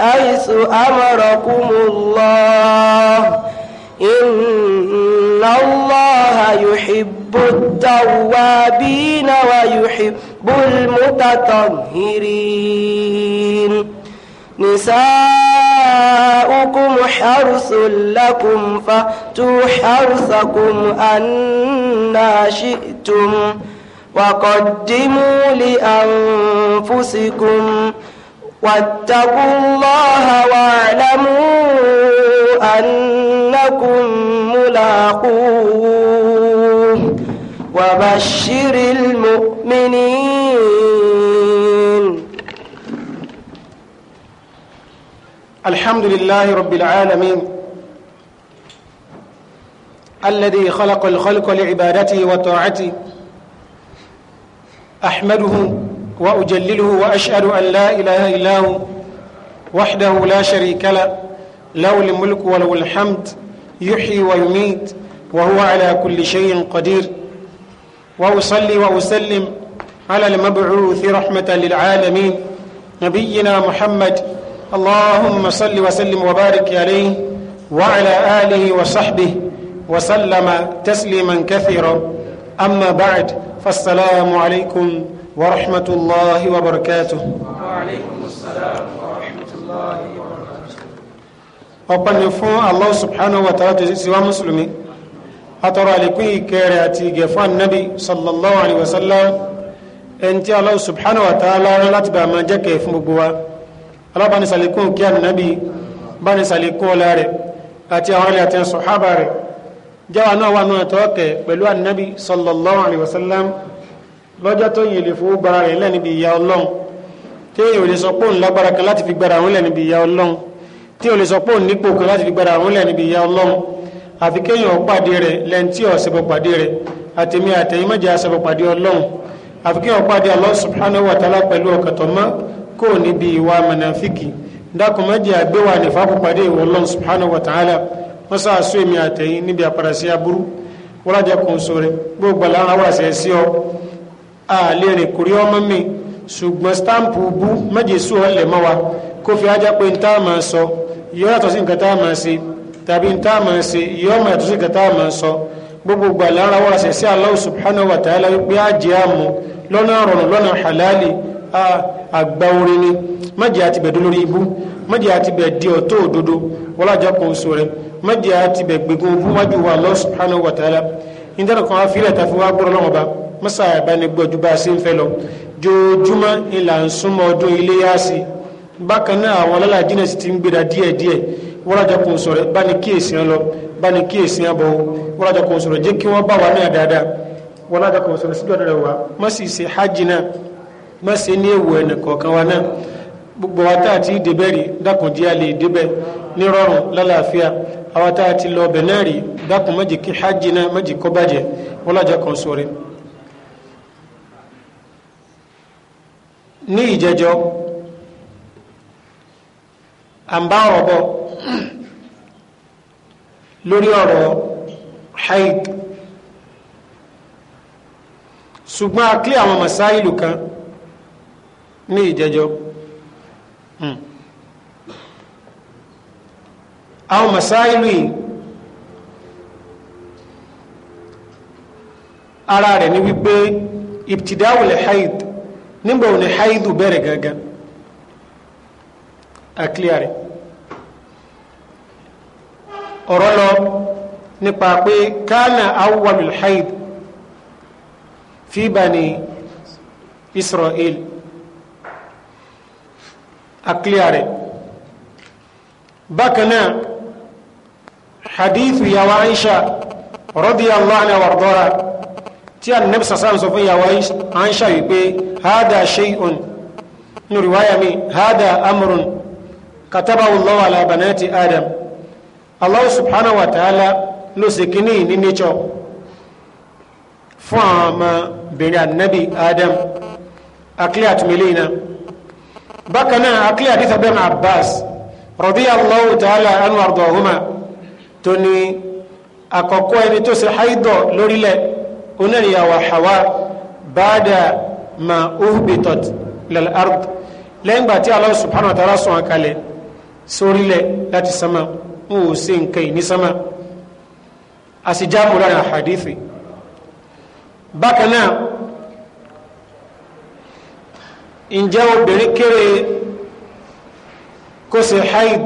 حيث أمركم الله إن الله يحب التوابين ويحب المتطهرين نساؤكم حرث لكم فأتوا حرثكم أنا شئتم وقدموا لأنفسكم واتقوا الله واعلموا أنكم ملاقوه وبشر المؤمنين الحمد لله رب العالمين الذي خلق الخلق لعبادته وطاعته أحمده وأجلله وأشهد أن لا إله إلا هو وحده لا شريك له له الملك وله الحمد يحيي ويميت وهو على كل شيء قدير وأصلي وأسلم على المبعوث رحمة للعالمين نبينا محمد اللهم صل وسلم وبارك عليه وعلى آله وصحبه وسلم تسليما كثيرا أما بعد فالسلام عليكم ورحمة الله وبركاته وعليكم السلام ورحمة الله وبركاته ọpẹ́ ni fún Allah subhanahu wa ta'ala tó sì wá mùsùlùmí àtọrọ àlékún ìkẹrẹ àti ìgẹ̀fún annabi sallallahu alaihi wasallam ẹni tí Allah subhanahu wa ta'ala rán láti bá máa jẹ́kẹ̀ẹ́ fún gbogbo wa alábàáni sàlékún kí annabi báni sàlékún ọlá rẹ̀ àti àwọn ilẹ̀ àti sọ̀hábà rẹ̀ jáwa náà wà náà tọ́ọ̀kẹ̀ pẹ̀lú annabi sallallahu alaihi wasallam lọ́jọ́ tó yìn lè fowó gbára rẹ̀ lẹ́ni bí ìyá ọlọ́run tí èyàn ò lè sọ pé òun lágbára kan láti fi gbára òun lẹ́ni bí ìyá ọlọ́run tí ò lè sọ pé òun nípò kan láti fi gbára òun lẹ́ni bí ìyá ọlọ́run àfi kéèyàn pàdé rẹ̀ lẹ́ni tí ò ṣẹbọ pàdé rẹ̀ àtẹ̀mí àtẹ̀yìn mẹ́jẹ ṣẹbọ pàdé ọlọ́run àfi kéèyàn pàdé Allah subhanahu wa ta'ala pẹ̀lú ọ̀kàtọ̀ mọ́ kó o níbi ìwà mọ̀nàfíkì dákun mẹ́jẹ àgbéwà wa ta'ala wọ́n sáà sún èmi àtẹ̀yìn níbi àpàràṣẹ́ aburú wọ́n lájà kan sóore gbogbo àlérìn kúrí ọmọ mi ṣùgbọ́n stampu bú méje sú ọlẹ̀ mọ́ wa kó fi ajá pé ntá máa sọ yọ yàtọ̀ sí nǹkan tá máa ṣe tàbí ntá máa ṣe yọ ọmọ yàtọ̀ nǹkan tá máa sọ gbogbo gbà lára wọ́n ṣe sí Allah subhanahu wa ta'ala wípé àjẹ́ àmú lọ́nà rọrùn lọ́nà halali àgbà orin ni méje àti bẹ̀dú lórí ibú méje àti bẹ̀ di ọ̀tọ̀ òdodo wọ́lájọ́ kan oṣù rẹ̀ méje àti bẹ̀ gbẹ̀gbẹ̀ ogún wájú wa Allah subhanahu wa ta'ala ìdánilkan afílẹ̀ tàfi wá gbọ́dọ̀ lọ́wọ́ bá masa àbánigbọ́jú bá a ṣe ń fẹ́ lọ joojúmọ́ ìlà ń súnmọ́ ọdún iléyá sí bákan náà àwọn alálàájínà sì ti ń gbéra díẹ̀díẹ̀ wọ́lájà kò sọ̀rọ̀ bá ní kíyèsí ọ lọ bá ní kíyèsí ọ bọ̀ wọ́lájà kò sọ̀rọ̀ jẹ́ kí wọ́n bá wa náà dáadáa wọ́lájà kò sọ̀rọ̀ síjọ́ dáadáa wa má sì ṣe hajj náà má ṣe ní èwò ẹ̀nà kọ̀ọ̀kan wa náà gbogbo wa tá a ti débẹ̀ rí dákun díẹ̀ débẹ̀ ní rọrùn lálàáfíà àwa tá a ti lọ ọbẹ̀ náà rí dákun má jẹ́ kí hajj náà má jẹ́ kó bàjẹ́ wọ́lájà kò sọ̀rọ̀ ní ìjẹjọ à ń bá ọ̀rọ̀ bọ̀ lórí ọ̀rọ̀ haid ṣùgbọ́n a kí àwọn masáìlù kan ní ìjẹjọ hmm. àwọn masáìlù yìí ara rẹ̀ ni wípé ibtidáwul haid nígbà òní haidu bẹ̀rẹ̀ gangan àkíyàrí ọ̀rọ̀ lọ nípa pé kánà awwalul haid fi bani Israel àkíyàrí bákanáà hadithu yawa Aisha radiyallahu anha wardora tí Ànábì sàsán sọ fún ìyàwó Àìṣà wípé hádà shay'un nínú riwaya mi hádà amrun katabahu Allahu ala banati Adam Allah subhanahu wa ta'ala ló sì kíní ní nature fún àwọn ọmọbìnrin Ànábì Adam akílẹ̀ àtúmílẹ̀ iná bákan náà akílẹ̀ àdìsá bẹ́ẹ̀ Abbas radiyallahu ta'ala anhu ardahuma tó ní àkọ́kọ́ ẹni tó ṣe haidọ̀ lórílẹ̀ onírìyàwó Hawa báadà ma uhbitat lal ard lẹ́yìn gbà tí Allah subhanahu wa ta'ala sùn àkàlẹ̀ sórílẹ̀ láti sama ń wò sí nǹkan ní sama a sì já múra náà hadithi bákan náà ǹjẹ́ obìnrin kéré kó ṣe haid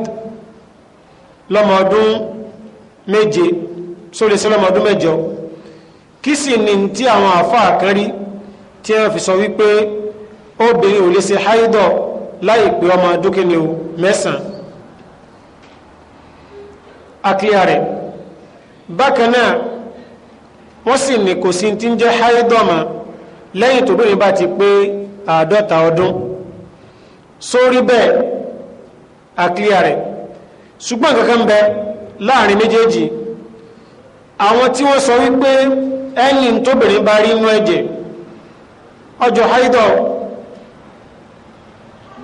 lọ́mọ ọdún méje sórí sí lọ́mọ ọdún mẹ́jọ kí sì ní tí àwọn àfáà kan rí tí wọ́n fi sọ wípé obìnrin ò lè ṣe háídọ̀ láì pé ọmọ dókínì o mẹ́sàn-án àkíyà rẹ̀ bákan náà wọ́n sì ní kò sí ti ń jẹ́ háídọ̀ mọ́ lẹ́yìn tó bìnrin bá ti pé àádọ́ta ọdún sórí bẹ́ẹ̀ àkíyà rẹ̀ ṣùgbọ́n kankan bẹ láàrin méjèèjì àwọn tí wọ́n sọ wípé ẹ̀yìn tóbìnrin bá rí inú ẹ̀jẹ̀ ọjọ́ haidọ̀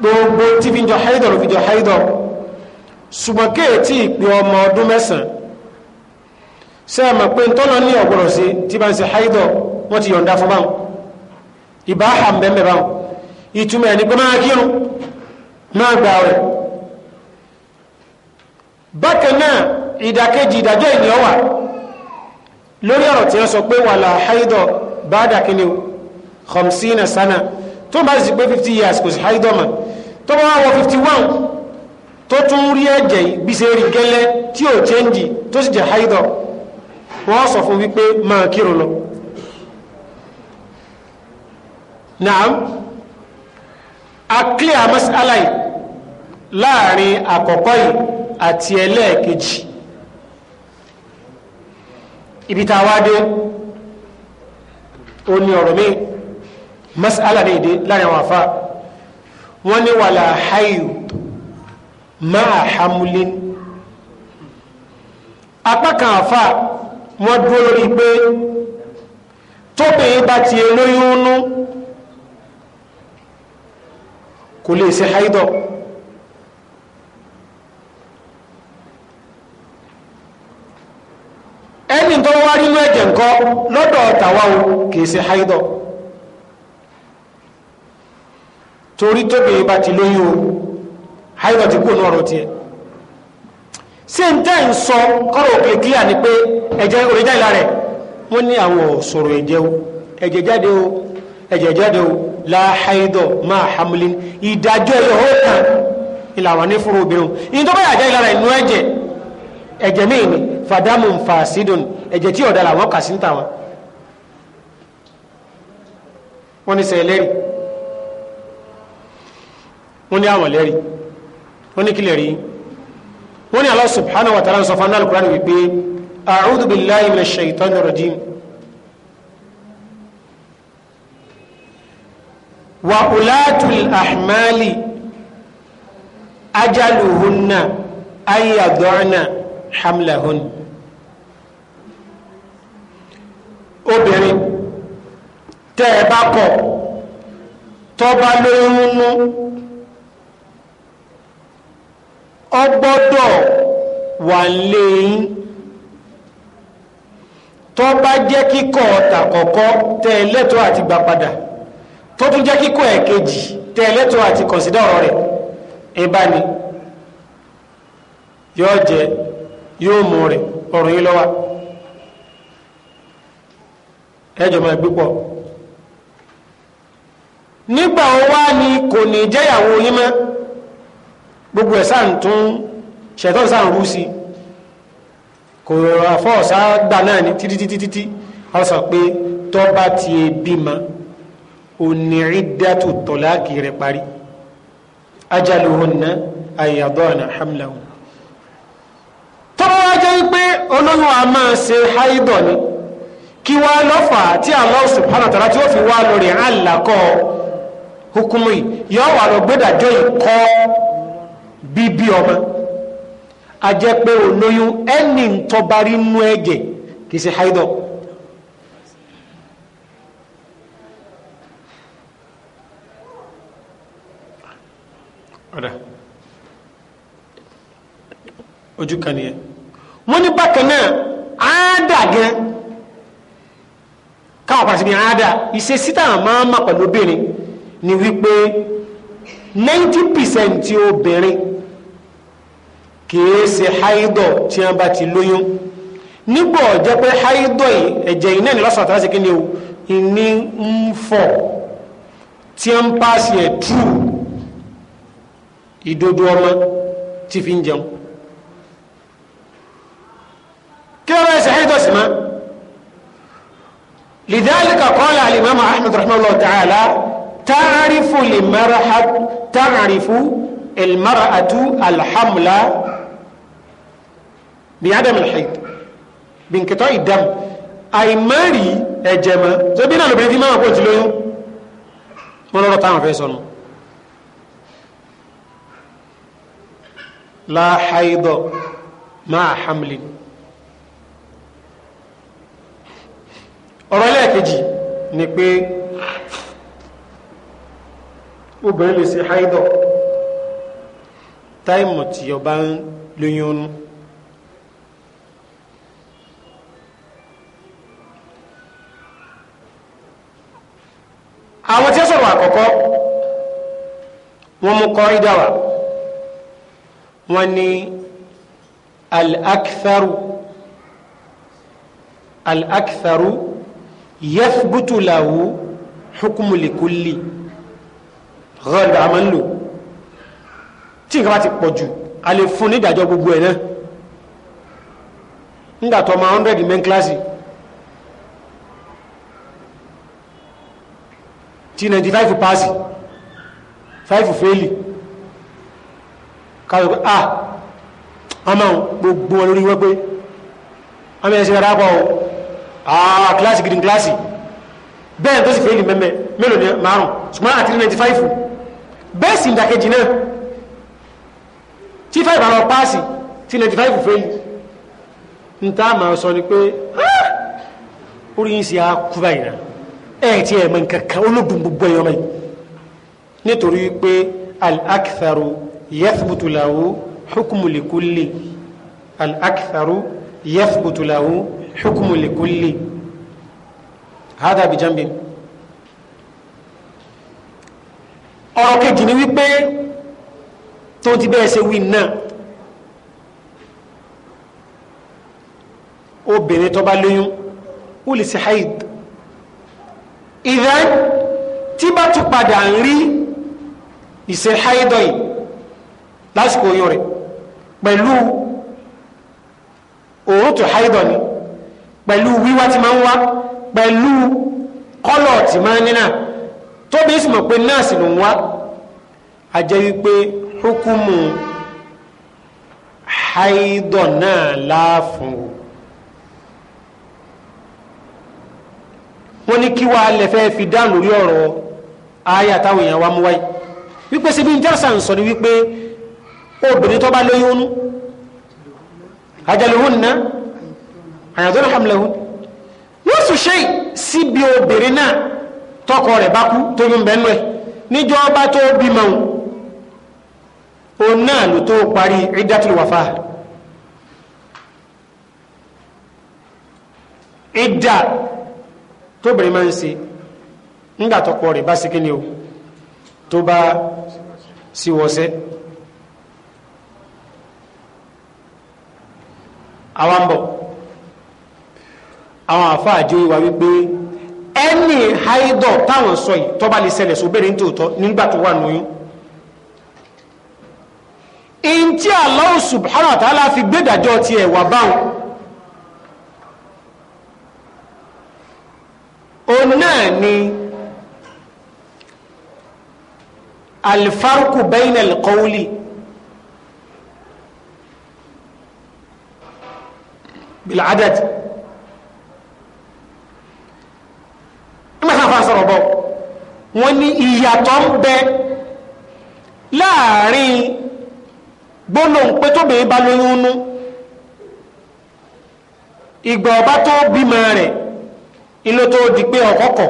gbogbo tí fi jọ haidọ̀ ló fi jọ haidọ̀ ṣùgbọ́n kéètì ìpè ọmọ ọdún mẹ́sàn ṣe àmà pé ń tọ́nà ní ọ̀gbọ̀rọ̀ sí tí bá ń ṣe haidọ̀ wọ́n ti yọ̀ǹda fún báwọn ìbá àmẹ́mẹ́ báwọn ìtumọ̀ ẹni pé máa kírun máa gbà rẹ̀ bákan náà ìdàkejì ìdàjọ́ ènìyàn wà lórí ọ̀rọ̀ tí wọ́n sọ pé wà láàáìdọ̀ báadà kíni o khamsina tó bá sì pé 50 years kò sí haidọ̀ mà tó bá wọ 51 tó tún rí ẹ̀jẹ̀ bí ṣe rí gẹ́lẹ́ tí ò chẹ́ǹjì tó sì jẹ́ haidọ̀ wọ́n sọ fún wípé máa kírun lọ naam a clear masala yìí láàrin àkọ́kọ́ yìí àti ẹlẹ́ẹ̀kejì ibi tá a wá dé ó ní ọ̀rọ̀ mi mas'ala ní èdè láàrin àwọn àfa wọ́n ní wàlà hayu máa hamulin apá kan àfa wọ́n dúró lórí pé tóbìnrin bá ti lóyún nú kò lè ṣe haidọ̀. ẹni tó wá nínú ẹ̀jẹ̀ nǹkan lọ́dọ̀ tàwa o kìí torí tóbi bá ti lóyún o haidọ̀ ti kò lọ́rọ̀ tiẹ̀ ṣé n tẹ́ ń sọ kọ́rọ̀ òkè ni pé ẹ̀jẹ̀ ìlà rẹ̀ wọ́n ní àwọn sọ̀rọ̀ ẹ̀jẹ̀ o ẹ̀jẹ̀ jáde o la máa hamlin ìdájọ́ ó ìlànà ní fúru obìnrin ìyẹn tó bá yà jẹ́ ìlà rẹ̀ nú fàdámù fàṣídùn ẹ̀jẹ̀ tí ọ̀dà làwọn kà sí níta wọn wọ́n ní sẹ́yìn lẹ́rì wọ́n ní àwọn lẹ́rì wọ́n ní kílẹ̀ rí wọ́n ní Allah subhanahu wa ta'ala sọ fún anáàlú kúránì wípé a'udhu billahi minash shaitanir rajim wa ulatul ahmali ajaluhunna ayadọ́nà hamlahunna. obìnrin tẹ́ ẹ bá kọ̀ tọ́ba lóyún nú ọ gbọ́dọ̀ wà léyìn tọ́ba jẹ́ kíkọ̀ tàkọ́kọ́ tẹ́ ẹ lẹ́tọ́ àti gbà padà tó tún jẹ́ kíkọ̀ ẹ̀kejì tẹ́ ẹ àti kọ̀sídà ọ̀rọ̀ rẹ̀ ìbá ni yóò jẹ yóò mú rẹ̀ ọ̀rọ̀ yìí lọ́wọ́ ẹjọ máa gbé pọ̀ nígbà wọn wá ní kò ní jẹ́yàwó yín mọ́ gbogbo ẹ̀ sáà ń tún ṣẹ̀tọ́ sáà ń rú sí kò rọra fọ́ ọ̀sá gbà náà ní títí títí pé tọ́ ti e bímọ onírìdátù tọ́láàkì rẹ̀ parí ajaluhunna ayadọ́nà hamlahun tọ́wọ́ jẹ́ wípé olóyún a máa ṣe háìdọ̀ ni kí wá lọ́fà tí Allah subhanahu wa ta'ala tí ó fi wá lórí àlàkọ́ hukumu yìí yọ wà lọ gbẹ́dàjọ́ ìkọ́ bíbí ọmọ ajẹ́ pé olóyún ẹni tọbarí nú ẹ̀jẹ̀ kì í ṣe haidọ̀ ojú kan nìyẹn wọ́n ní bákan náà á dà àpàṣẹ bí àádá ìṣe síta máa má pẹ̀lú obìnrin ni wípé 90% tí obìnrin kìí ṣe haidọ̀ tí wọ́n bá ti lóyún nígbà ọ̀jẹ́ pé haidọ̀ yìí ẹ̀jẹ̀ iná ní lọ́sàn àtàlásì kíni o ìní ń fọ̀ tí wọ́n ń pàṣẹ ẹ̀ tú ìdodo ọmọ tí fi ń jẹun kí wọ́n bá haidọ̀ sí máa لذلك قال الإمام أحمد رحمه الله تعالى تعرف المرأة تعرف المرأة الحملة بعدم الحيض بانقطاع الدم أي ماري أجمع زبينا لو بنتي ما قلت له wọn lọ́rọ̀ táwọn fẹ́ sọ́nà la haidọ̀ máa hamlin ọ̀rọ̀ ẹlẹ́ẹ̀kejì ni pé obìnrin lè ṣe haidọ̀ táìmù tí ọba ń lóyún ọnú àwọn tí ó sọ̀rọ̀ àkọ́kọ́ wọ́n mú kọ́ ìdáwà wọ́n ní al-aktharu al-aktharu yathbutu lahu hukumu likulli rọlù àmọ́ ń lò tí nǹkan bá ti pọ̀ jù a lè fún nídàjọ́ gbogbo ẹ̀ náà nígbà tó ọmọ hundred men kíláàsì tí ninety five paasi five fẹ́ẹ̀lì káyọ̀ pé a ah, ọmọ gbogbo wọn lórí wọ́n pé ọmọ ẹ̀ ṣe rárá pa ọ́ ah kíláàsì gidi kíláàsì bẹ́ẹ̀ tó sì fẹ́ẹ̀lì mẹ́mẹ́ mélòó ni márùn ṣùgbọ́n àti 95 bẹ́ẹ̀ sì ìdàkejì náà tí 5 àwọn páàsì tí 95 fẹ́ẹ̀lì ń tá a máa sọ ni pé ah, orí yìí sì á kú báyìí náà ẹ̀ tí ẹ̀ mọ̀ nǹkan kan olóògùn gbogbo ẹ̀yọ́ mẹ́yìn nítorí pé al-aktharu yathbutu lahu al-aktharu yathbutu حكم لكل هذا بجنب ọ̀rọ̀ kejì ni wípé tó ti bẹ́ẹ̀ ṣe wí náà obìnrin tó bá lóyún ó lè ṣe haid ìdán tí bá ti padà ń rí ìṣe haidọ̀ yìí lásìkò oyún rẹ̀ pẹ̀lú òótù haidọ̀ ni pẹ̀lú wíwá tí máa ń wá pẹ̀lú kọ́lọ̀ tí máa ń nínà tóbi sì mọ̀ pé nọ́ọ̀sì ló ń wá àjẹ́ wípé hukumu haidọ̀ náà láàfún o wọ́n ní kí wàá lẹ̀ fẹ́ fi dáhùn lórí ọ̀rọ̀ ayé àtàwọn èèyàn wa mú wáyé wípé síbi jẹ́rìsà ń sọ ni wípé obìnrin tó bá lóyún ọ̀nù náà. àyàtọ̀ hàmlẹ̀hù yóò sùn ṣe síbi obìnrin náà tọkọ rẹ̀ bá kú tó ń bẹ́ẹ̀ lẹ̀ níjọ́ bá tó bímọ òun náà ló tó parí ìdátìlú wàfà ìdá tóbìnrin máa ń ṣe nígbà tọkọ rẹ̀ bá o tó bá síwọ́sẹ́ àwọn àwọn àfáà jẹ́ wíwá wípé ẹni haidọ̀ táwọn sọ yìí tọ́ba lè ṣẹlẹ̀ sóbẹ̀rẹ̀ ní tòótọ́ nígbà tó wà lóyún in tí Allah subhanahu wa ta'ala fi gbẹ́dàjọ́ ti ẹ̀wà báhùn o náà ni alfarku bayna alqawli bil'adad nígbàtà fà wọ́n ni ìyàtọ̀ ń bẹ láàrin gbólóhùn pé tóbìnrin bá lóyún nú ìgbà ọba tó rẹ̀ ilé tó di pé ọ̀kọ́kọ̀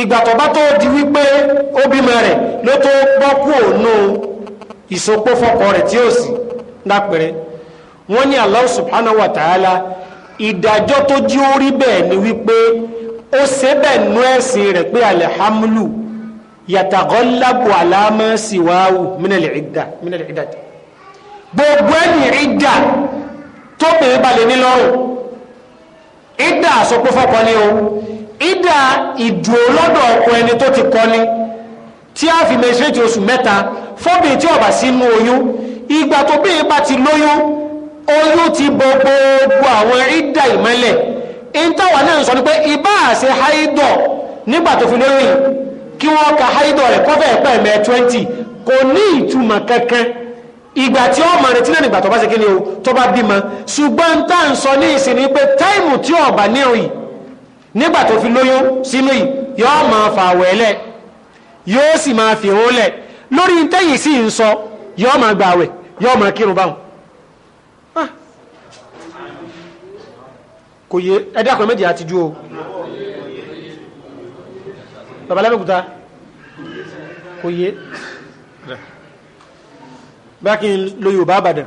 ìgbà tọba tó di wípé ó bímọ rẹ̀ ló tó bọ́ ònú ìsopó fọkọ rẹ̀ tí ó sì dápẹ̀rẹ̀ wọ́n ni Allah subhanahu wa ìdájọ́ tó jí ó rí bẹ́ẹ̀ ni wípé ó sebẹ̀ nú ẹ̀sìn rẹ̀ pé alihamulu yàtàgọ́lábù alámọ́síwáwù mínàlì ìdá mínàlì ìdá gbogbo ẹni ìdá tó bèé balẹ̀ nílọ́rùn ìdá àsopọ̀ fọ́kọ ni o ìdá ìdùn lọ́dọ̀ ọkọ ẹni tó ti kọ́ ni tí a fi mẹsẹ̀rẹ̀tì oṣù mẹ́ta fọ́bìn tí ọba sínú oyún ìgbà tó bèé bá ti lóyún oyún ti bọ gbogbo àwọn ìdá ìmọ́lẹ̀ ìntàwà náà sọ ni pé ibà àṣẹ haidọ̀ nígbà tó fi lóyún kí wọ́n ka haidọ̀ rẹ̀ kọ́fẹ́ pẹ̀ mẹ́ twenty kò ní ìtumọ̀ kankan ìgbà tí ó mọ̀ retí náà nígbà tó bá ṣe kí ni o tó bá bímọ ṣùgbọ́n tá à ń sọ ní ìsìn ni pé táìmù tí ó bá ní òyìn nígbà tó fi lóyún sínú yìí yóò máa fà wẹ́lẹ̀ yóò sì máa fi hólẹ̀ lórí tẹ́yìn sí ń sọ yóò máa gbàwẹ̀ yóò máa kírun báwọn kò yé ẹdá kan méjì àtijú o baba lábẹ́kúta kò yé bá kí n lo yorùbá àbàdàn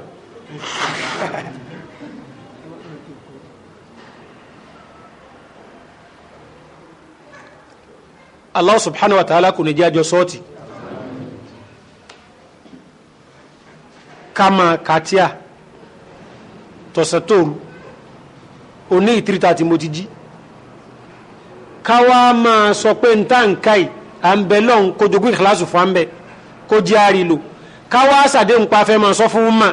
Allah subhanahu wa ta'ala kò ní jẹ́ àjọ sọ́ọ̀tì kama katia tọ̀sẹ̀tòru òní ìtìrìtà tí mo ti jí káwá máa sọ pé n tá n káì à ń bẹ lọ́n kó jogún ìkìláàsù fún àmbẹ kó jí àárí lò káwá sàdé ń pa fẹ́ máa sọ fún mà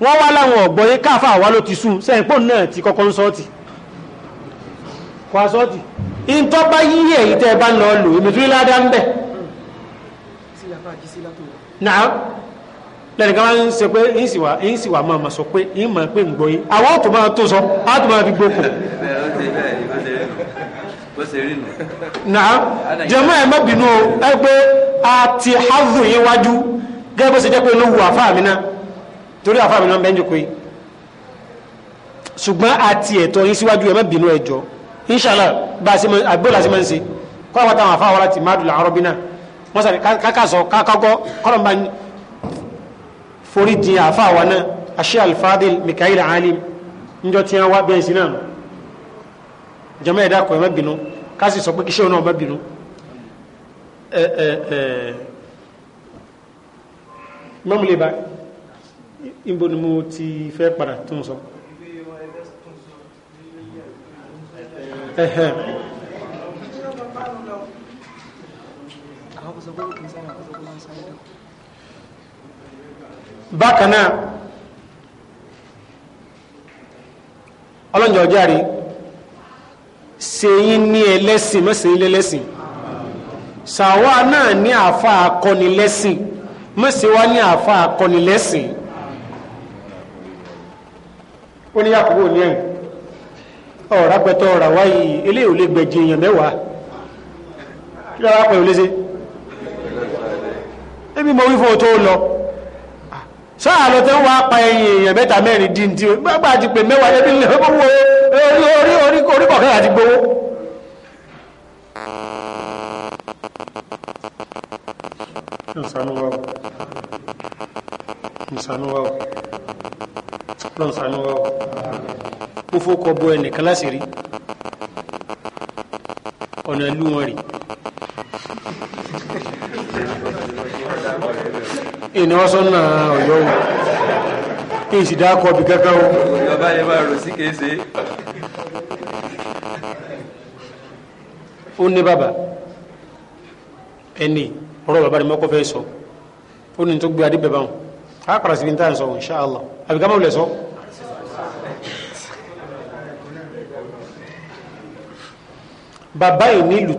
wọ́n wá láwọn ọ̀gbọ́n yẹn káfà wá ló ti sùn sẹ́yìnpọ̀ náà ti kọ́kọ́ ń sọ́ọ̀tì kọ́ sọ́ọ̀tì ìntọ́ yí èyí tẹ́ ẹ bá lọ lò èmi tún ní ládàá ń bẹ̀. lẹ́nu kan ń ṣe pé ń sì wà sì wà máa ma sọ pé ń máa pé ń gbọ́ yìí àwọn òtún máa tó sọ á a ti hazu yín wájú gẹ́gẹ́ bó ṣe jẹ́ pé ló àfa mi náà torí àfa mi náà bẹ́ẹ̀ ń jòkó yìí ṣùgbọ́n ẹ̀tọ́ yín síwájú má bínú jọ inṣàlá bá a ṣe ṣe máa ń ṣe kọ́ àwọn àfa láti má dùn làárọ̀ bí forí di àáfàá wa náà aṣẹ́ alfadil mikael alim níjọ tí wọ́n wá bẹ́ẹ̀ sí náà jẹ́mọ́ ẹ̀dá kọ̀ ẹ̀ má bínú kásì sọ pé kíṣẹ́ náà má bínú ẹ ìbò ni mo ti fẹ́ padà tó ń sọ. Àwọn kò sọ pé kò ń sáré àwọn kò sọ pé wọ́n ń sáré dáhùn bákan náà ọlọ́njọ́ járe sèyí ní ẹlẹ́sìn mẹ́sìn ilé lẹ́sìn sàwa náà ní àfa akọnilẹ́sìn mẹ́sìn wá ní àfa akọnilẹ́sìn ó ní àkókò ní ẹ̀yìn ọ̀rá pẹ̀tọ́ ọ̀rá wáyé eléyìí ò lè gbẹ̀jì èèyàn mẹ́wàá kí ló pẹ̀lú léṣe ebi mo wí fún o tó lọ sáà lọ tẹ́ ń wá pa ẹyin èèyàn mẹ́ta mẹ́rin dín tí gbàgbà ti pè mẹ́wàá ẹbí lè gbowó orí orí orí orí kọ̀ọ̀kan àti gbowó. nsanuwawo nsanuwawo nsanuwawo mo fọ́ kọ bọ ẹnìkan láṣìírí ọ̀nà ìlú wọn rè. ìní wọ́n sọ náà ọ̀yọ́ o kí n sì o. bàbá yẹn máa rò sí kése. ó ní bàbá ẹni bàbá ni sọ ó ní tó gbé adé bẹ̀ sọ Allah sọ. bàbá yìí ní ìlú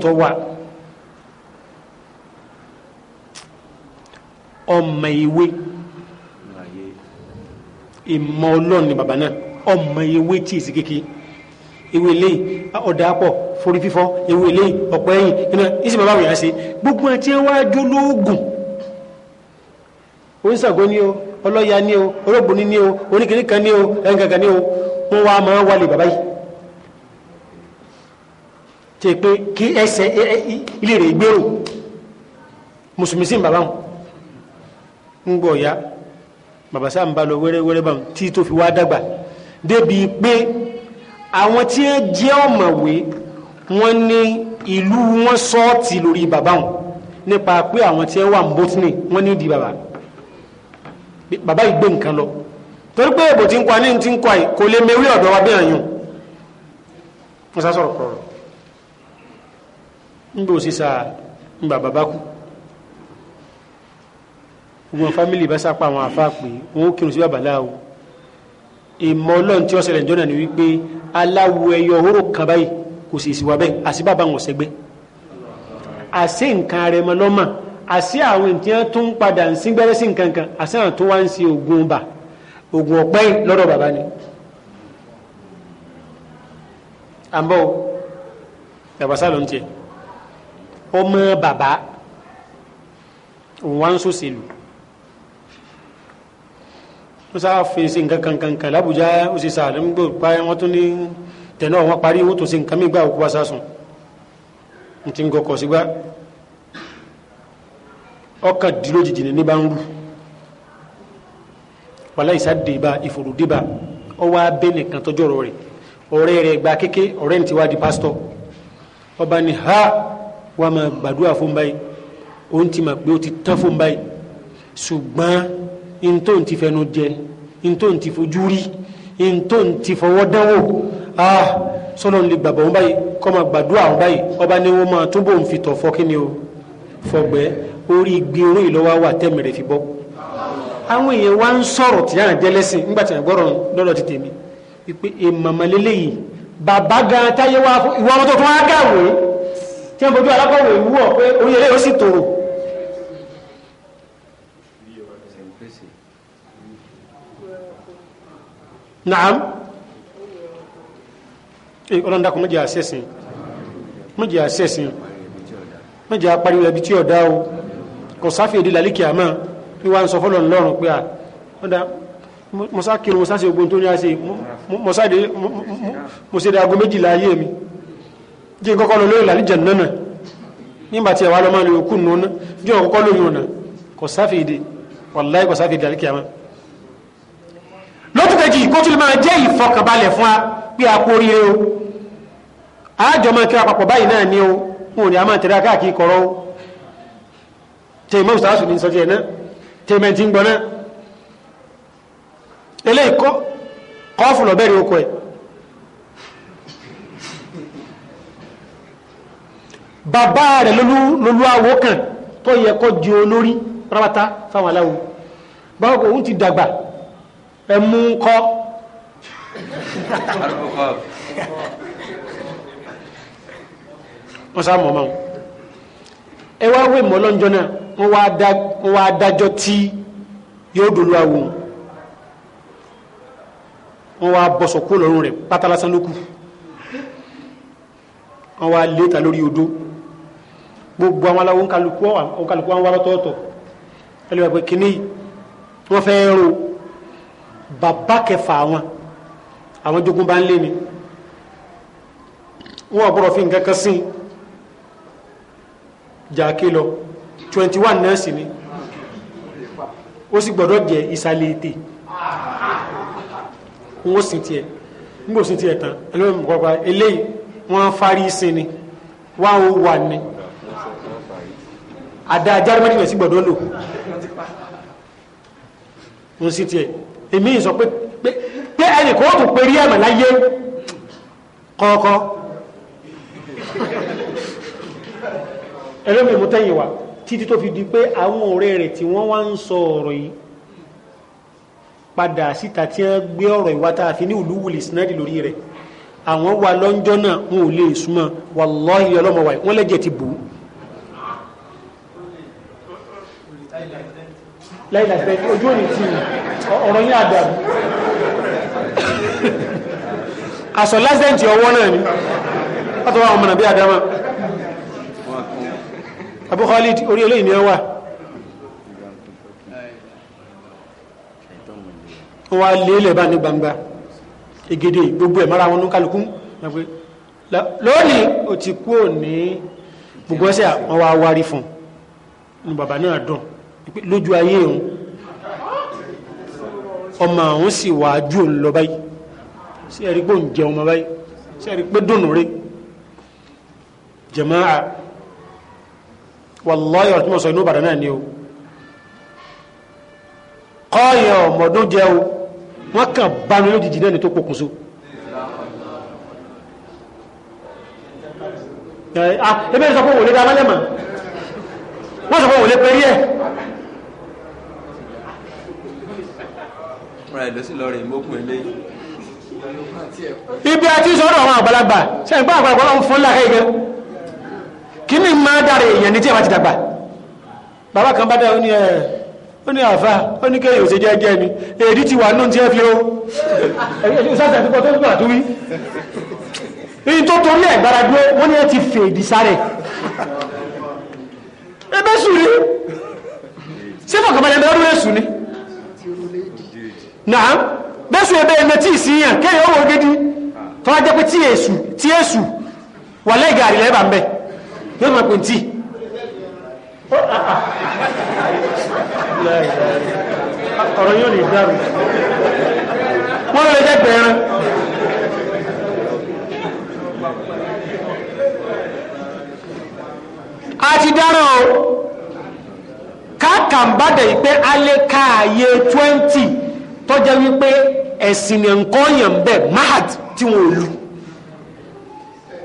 ọmọ ewé ìmọ̀ ọlọ́run ni bàbá náà ọmọ ewé tí èsì kékeré ewé lé ọ̀dà pọ̀ forí fífọ́ ewé lé ọ̀pọ̀ ẹ̀yìn iná ìsì bàbá wòyàn ṣe gbogbo àti ẹwà jólóògùn oníṣàgó ni o ọlọ́ya ni o olóògbóni ni o oníkìní kan ni o ẹnìkankan ni o wọ́n wá máa wálé bàbá yìí tẹ pé kí ẹsẹ̀ ilé rẹ̀ gbèrò mùsùlùmí sí bàbá wọn ń gbọ̀ ya bàbá sáà ń ba lọ wẹ́rẹ́wẹ́rẹ́ bá tí tó fi wá dàgbà débi pé àwọn tí ń jẹ́ ọ̀mọ̀wé wọ́n ní ìlú wọn sọ́ọ̀tì lórí bàbá wọn nípa pé àwọn tí ń wà ń bótínì wọ́n ní ìdí bàbá bàbá yìí gbé nǹkan lọ torí pé èbò tí ń kọ ní ti ń kọ àyè kò lè mewé ọ̀dọ̀ wa bí àyàn wọ́n sá sọ̀rọ̀ kọ̀ọ̀rọ̀ ń bò sí ń bà bàbá kú gbogbo fámìlì bá sápá àwọn àfáà pé wọn ó kírun sí bàbá láwo ìmọ̀ ọlọ́run tí ó ṣẹlẹ̀ jọ́nà ni wípé aláwo ẹyọ hóró kan báyìí kò sì sì wà bẹ́ẹ̀ àti bàbá wọn ṣẹgbẹ́ àṣé nǹkan rẹ̀ mọ́ lọ́mọ àṣé àwọn ènìyàn tó ń padà ń sín gbẹ́rẹ́ sí nǹkan kan àṣé àwọn tó wá ń ṣe oògùn bà oògùn ọ̀pẹ́ lọ́dọ̀ bàbá ni. àbọ̀ bàbá sálọ ń tiẹ̀ ọmọ bàbá òun wá ń sòṣèlú. So wọ́n sá fèsì nǹkan kankankan làbújá ó sì sàlẹ̀ ń gbò páyé wọ́n tún ní tẹ̀nà wọn parí wọ́n tún sí nǹkan mìíràn òkú wá sásùn n ti ń gọkọ̀ sígbà ọkàn dìlójijì ní bá ń rú wàlá ìsádìbà ìfòròdìbà ọwọ́ abẹ́ nìkan tọ́jú ọ̀rọ̀ rẹ̀ ọ̀rẹ́ rẹ̀ gba kéke ọ̀rẹ́ ti wá di pásítọ̀ ọba ni ha wàá máa gbàdúrà fún báyìí ó ń ti mà pé ó ti tán fún báyìí ṣùgbọ́n ntó ń ti fẹnu jẹ ntó ń ti fojú rí ntó ń ti fọwọ́ dánwò ah sọlọ́n lè gbàgbọ́ wọn báyìí kọ́ máa gbàdúrà wọn báyìí ọba ni wọ́n máa túbọ̀ ń fi tọ̀ fọ́ kí ni o fọgbẹ́ orí gbin orí ìlọ́wọ́ wà tẹ́mi rẹ̀ fi bọ́ àwọn èèyàn wá ń sọ̀rọ̀ tí yàrá jẹ́lẹ́sìn nígbà tí àgbọ̀rọ̀ lọ́dọ̀ ti tèmi wípé èèmọ̀mọ̀ lélẹ́yìí bàbá gan táyé wá fún ìwọ́n tó tún wá gàwé tí wọ́n fojú alákọ̀wé wúwọ̀ pé orí ẹlẹ́yìí ó sì tòrò naam eh, ọlọ́run dákun mọ́jà àṣẹ́sìn mọ́jà àṣẹ́sìn mọ́jà apariwo ẹbí tí ọ̀dá o kò sáfì èdè làlíkì àmọ́ wíwá ń sọ fọ́lọ̀ lọ́rùn pé à ọ̀dà mọ́sá kiri mọ́sá sí ogun tó ní àṣẹ mọ́sá dé mọ́sá dé aago méjìlá ayé mi jẹ́ kọ́kọ́ lọ lórí làlíjà nánà nígbà tí ẹ̀wà lọ́mọ́ lè kú náà jẹ́ ọ̀kọ́kọ́ lórí ọ̀nà kò sáfì wàláì kò sáfì èdè àmọ́ ẹlẹ́ẹ̀kejì kó tún lè máa jẹ́ ìfọkànbalẹ̀ fún wa pé a kú oríire o àjọmọ kí apapọ̀ báyìí náà ni o wọn ò ní a máa tẹ̀lé akáàkiri kọ̀rọ̀ o tèmọ́ ìsàásù ní sọ́jẹ́ náà tèmọ́ ti ń gbọ́ náà eléyìí kọ́ kọ́ọ̀fù lọ́bẹ̀rẹ̀ oko ẹ̀ bàbá rẹ̀ lólú àwọ̀ kan tó yẹ kó di olórí rábátá fáwọn aláwo báwo kò ń ti dàgbà ẹ mú kọ́ wọ́n sá mọ̀ mọ́ ẹ wá wé mọ́ lọ́njọ́ náà wọ́n wá dájọ́ tí yóò dòlú àwọn wọ́n wá bọ̀sọ̀ kó lọ́rùn rẹ̀ pátá lásán lókù wọ́n wá létà lórí odó gbogbo àwọn aláwọ̀ ń kálukú àwọn wá lọ́tọ̀ọ̀tọ̀ ẹlẹ́wàá pé kínní wọ́n fẹ́ rò bàbá kẹfà wọn àwọn jogun bá ń lé mi wọn àbúrò fi nǹkan kan sí jàké lọ twenty one nọ́ọ̀sì ni ó sì gbọ́dọ̀ jẹ ìsàlẹ̀ ètè n ó sin tiẹ̀ n kò sin tiẹ̀ tán ẹlẹ́wọ̀n mi eléyìí wọ́n fárí sin ni wọ́n wà ní àdá Járímánì rẹ̀ sì gbọ́dọ̀ lò n sí tiẹ̀ èmi sọ pé pé ẹnì kò tún pé rí ẹ̀mọ̀ láyé kọ́ọ̀kọ́ ẹlẹ́mì mú tẹ́yìn wá títí tó fi di pé àwọn ọ̀rẹ́ rẹ̀ tí wọ́n wá ń sọ ọ̀rọ̀ yìí padà síta tí wọ́n gbé ọ̀rọ̀ ìwá tá a fi ní ìlú wùlì sinadi lórí rẹ̀ àwọn wa lọ́njọ́ náà wọn ò lè súnmọ́ wàlọ́ọ̀hì ọlọ́mọ wáyé wọ́n lẹ́jẹ̀ ti bù ú lẹ́yìn àgbẹ̀ ojú òní ti ọ̀rọ̀ yín àdàrú àṣọ lásìdẹ̀ntì ọwọ́ náà ni látọwọ́ àwọn ọmọnà bí àdámà Abu Khalid orí eléyìí ni ẹ wà ó wá lélẹ̀ bá ní gbangba egede gbogbo ẹ̀ mara wọn ní kálukú lónìí ó ti kú ò ní gbogbo ẹsẹ̀ wọn wá wárí fún un ní bàbá náà dùn lójú ayé òun ọmọ àwọn sì wà á ju òun lọ báyìí sí ẹ̀rí pé òun jẹ ọmọ báyìí sí ẹ̀rí pé dùnú rí jàmáà wàlláhì ọ̀rọ̀ tí mo sọ inú Ìbàdàn náà ni o kọ́ọ̀yàn ọ̀mọ̀dún jẹ́ o wọ́n kàn bánu lójijì náà ni tó pokùnso. ẹ ẹ ẹ bẹ́ẹ̀ sọ pé wòlé dáná lẹ́mọ̀ wọ́n sọ pé wòlé pẹ́rí ẹ̀. múra ẹ̀ lọ sí lọ́ọ̀rẹ́ ìmọ̀kùn eléyìí. ibi àti sọ́dọ̀ àwọn àgbàlagbà sẹ́yìn bá àgbàlagbà wọn fún lákàá igẹ kí ni máa dára èèyàn ní tí ìwà ti dàgbà bàbá kan bá dá ó ní ẹ ó ní àfa ó ní kéèyàn ṣe jẹ́jẹ́ ni èdè ti wà nù tí ẹ fi ó ìsáṣẹ́ àti pọ̀tọ́ nígbà tó wí èyí tó torí ẹ̀ gbára dúró wọ́n ní ẹ ti fèèdì sáré ebe sùn ni ṣé fọkànbalẹ̀ ẹgbẹ́ sùn ni náà bẹ́sù ẹ̀bẹ̀ ẹ̀mẹ́ tí ìsìnyàn kéèyàn owó gidi tó wá jẹ́ pé tí èsù tí èsù wà lẹ́gà àrí lẹ́bà ń bẹ̀ yóò mọ̀ pé tí ọ̀rọ̀ yóò lè dárò wọ́n lè jẹ́ gbẹ̀rẹ̀ a ti dára o káàkà ń bá dẹ̀ pé alẹ́ káàyè 20 tọ́jẹ́ wípé ẹ̀sìn ẹ̀ǹkọ́ yàn bẹ́ẹ̀ mahad tí wọ́n lù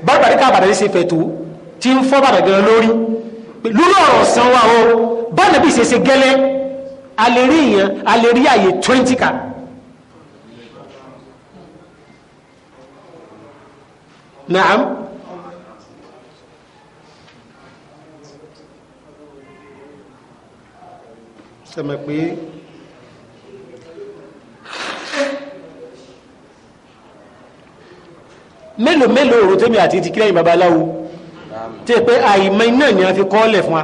bábàrí káàbàdà ní ṣe fẹ̀tò tí ń fọ́ bàbà gan lórí lórí ọ̀rọ̀ san wa o bọ́ọ̀nà bí ìṣẹ̀ṣẹ̀ gẹ́lẹ́ a lè rí ìyẹn a lè rí àyè twenty kan naam sẹ́mi pé. mélòó mélòó òrò tèmi àti ti kílẹ̀ ìbabaláwo tí è pé àìmọ̀ iná ni a fi kọ́ lẹ̀ fún wa.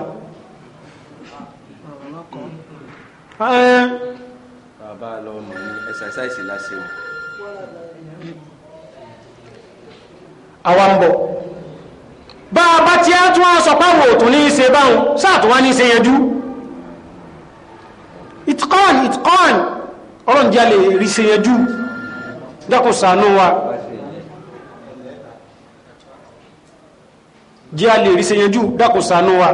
bàbá lọ mọ̀ ní ẹ̀sàsáìsì láṣẹ o. àwa ń bọ̀ bá a bá tí a tún á sọ páwọn òtún ní í ṣe báwọn sáà tó wá ní í ṣe yanjú ìtìkọ́ọ̀nì ìtìkọ́ọ̀nì ọlọ́run jẹ́ a rí ṣe yanjú dákun ṣàánú wa. jẹ́ a lè rí se yanjú dákùsánú wa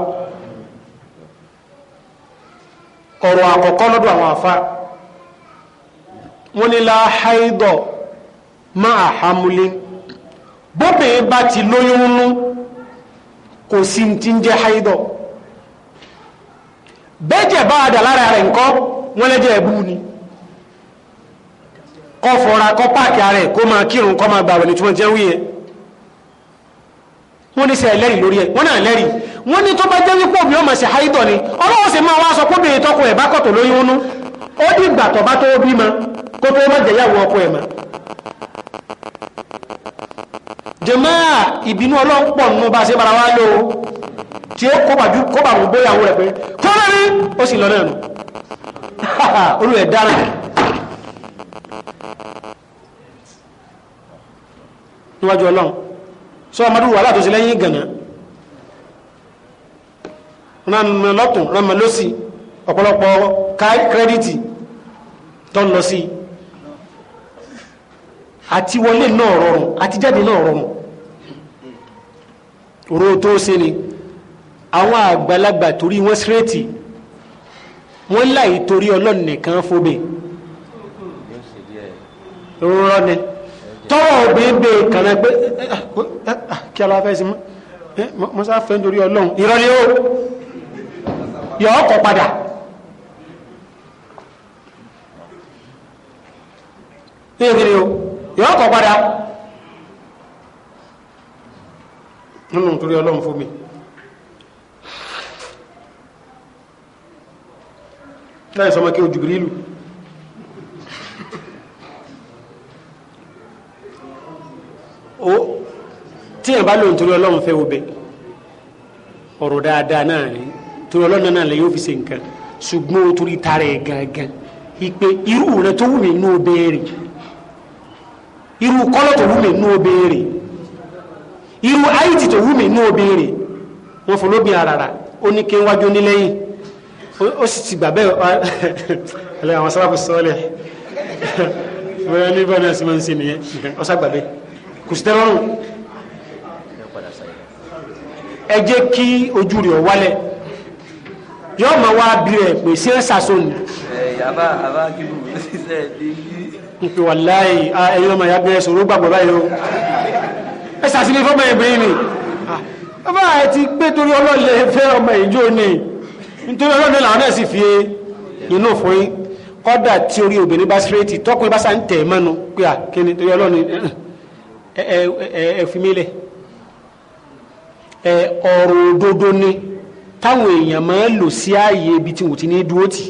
ọ̀rọ̀ àkọ́kọ́ lọ́dọ̀ àwọn àfá wọ́n ni láháìdọ̀ máa hamulé bóbìnrin bá ti lóyún kò sí ti ń jẹ́ háìdọ̀ bẹ́jẹ̀ bá dà lára rẹ̀ nǹkan wọ́n lẹ́jẹ̀ ẹ̀bú ni kọ́ fọ́ra kọ́ páàkì kó kọ́ wọ́n ní sẹ́ ẹlẹ́rìí lórí ẹ̀ wọ́n náà lẹ́rìí wọ́n ní tó bá jẹ́ wípé òbí ọmọ sí haidọ̀ ni ọlọ́wọ́ sì máa wá sọ pé obìnrin tọkọ ẹ̀ bá kọ̀tọ̀ lóyún nú ó di ìgbà tó bá tó bí ma kó tó má jẹ̀yàwó ọkọ ẹ̀ ma. jẹ̀mọ́ ìbínú ọlọ́pọ̀ nínú bá a ṣe bára wá lò ó tí ó kóbàjú kóbàmù bóyàwó rẹ̀ pé kọ́lẹ́rì ó sì lọ náà nù sọ amadu wàhálà tó ṣe lẹ́yìn gànà ránmọ lọ́tún ránmọ lọ́sì ọ̀pọ̀lọpọ̀ kírẹ́dìtì tó ń lọ sí àti wọlé náà rọrùn àti jáde náà rọrùn ro tó ṣe ni àwọn àgbàlagbà torí wọn sírètì wọn láì torí ọlọ́ọ̀nì kan fóbe rọrọ tọ́wọ́ obìnrin bè kànáà pé eh, eh, eh, kí aláfẹ́ sí mọ́sá fẹ́ nítorí ọlọ́run ìrọ̀lẹ́ o yọ ọkọ̀ padà ní ìdílé o yọ ọkọ̀ padà nínú nítorí ọlọ́run fún mi láì sọmọ kí o jùgìrì ìlú ó tíyàn bá lóun torí ọlọ́run fẹ́ obe ọ̀rọ̀ dáadáa náà ni torí ọlọ́run náà lè yóò nǹkan ṣùgbọ́n o torí tara ẹ̀ gangan ìpè irú rẹ tó wù mí nú obeere irú kọ́lọ̀ tó wù mí nú obeere irú àìtì tó wù mí nú obeere wọn fún lóbi àràrà ó ní kí n wájú nílẹ́yìn ó sì ti gbà bẹ́ẹ̀ ẹlẹ́yìn àwọn sábà fún sọ́ọ́lẹ̀ bóyá ní bọ́ọ̀nù ẹ̀sìn máa ń ṣe nìyẹn ọ̀sàgbà bẹ́ẹ̀ kùsìtẹ́rọ̀rùn ẹ jẹ́ kí ojú rẹ̀ wálẹ̀ yóò máa wá bí rẹ̀ pé sí ẹ̀ sàṣọ́n ni. ìpè wà láì ẹ̀yin ọmọ ìyá bẹ̀rẹ̀ sọ̀rọ̀ gbàgbọ́ báyìí o ẹ sàṣìlẹ̀ fọ́mọ ìbìnrin ni bàbá ẹ pé torí ọlọ́lẹ̀ fẹ́ ọmọ ìjọ ni nítorí ọlọ́lẹ̀ làwọn náà sì fi inú fún yín kọ́dà tí orí obìnrin bá sírẹ́tì tọ́kùnrin bá sá ń tẹ̀ mọ́nu pé à kí ni torí ọlọ́ni ẹ̀fìmílẹ̀ ọ̀rọ̀ òdodo ni táwọn èèyàn máa ń lò sí ààyè ibi tí wọ́n ti ní dúró tì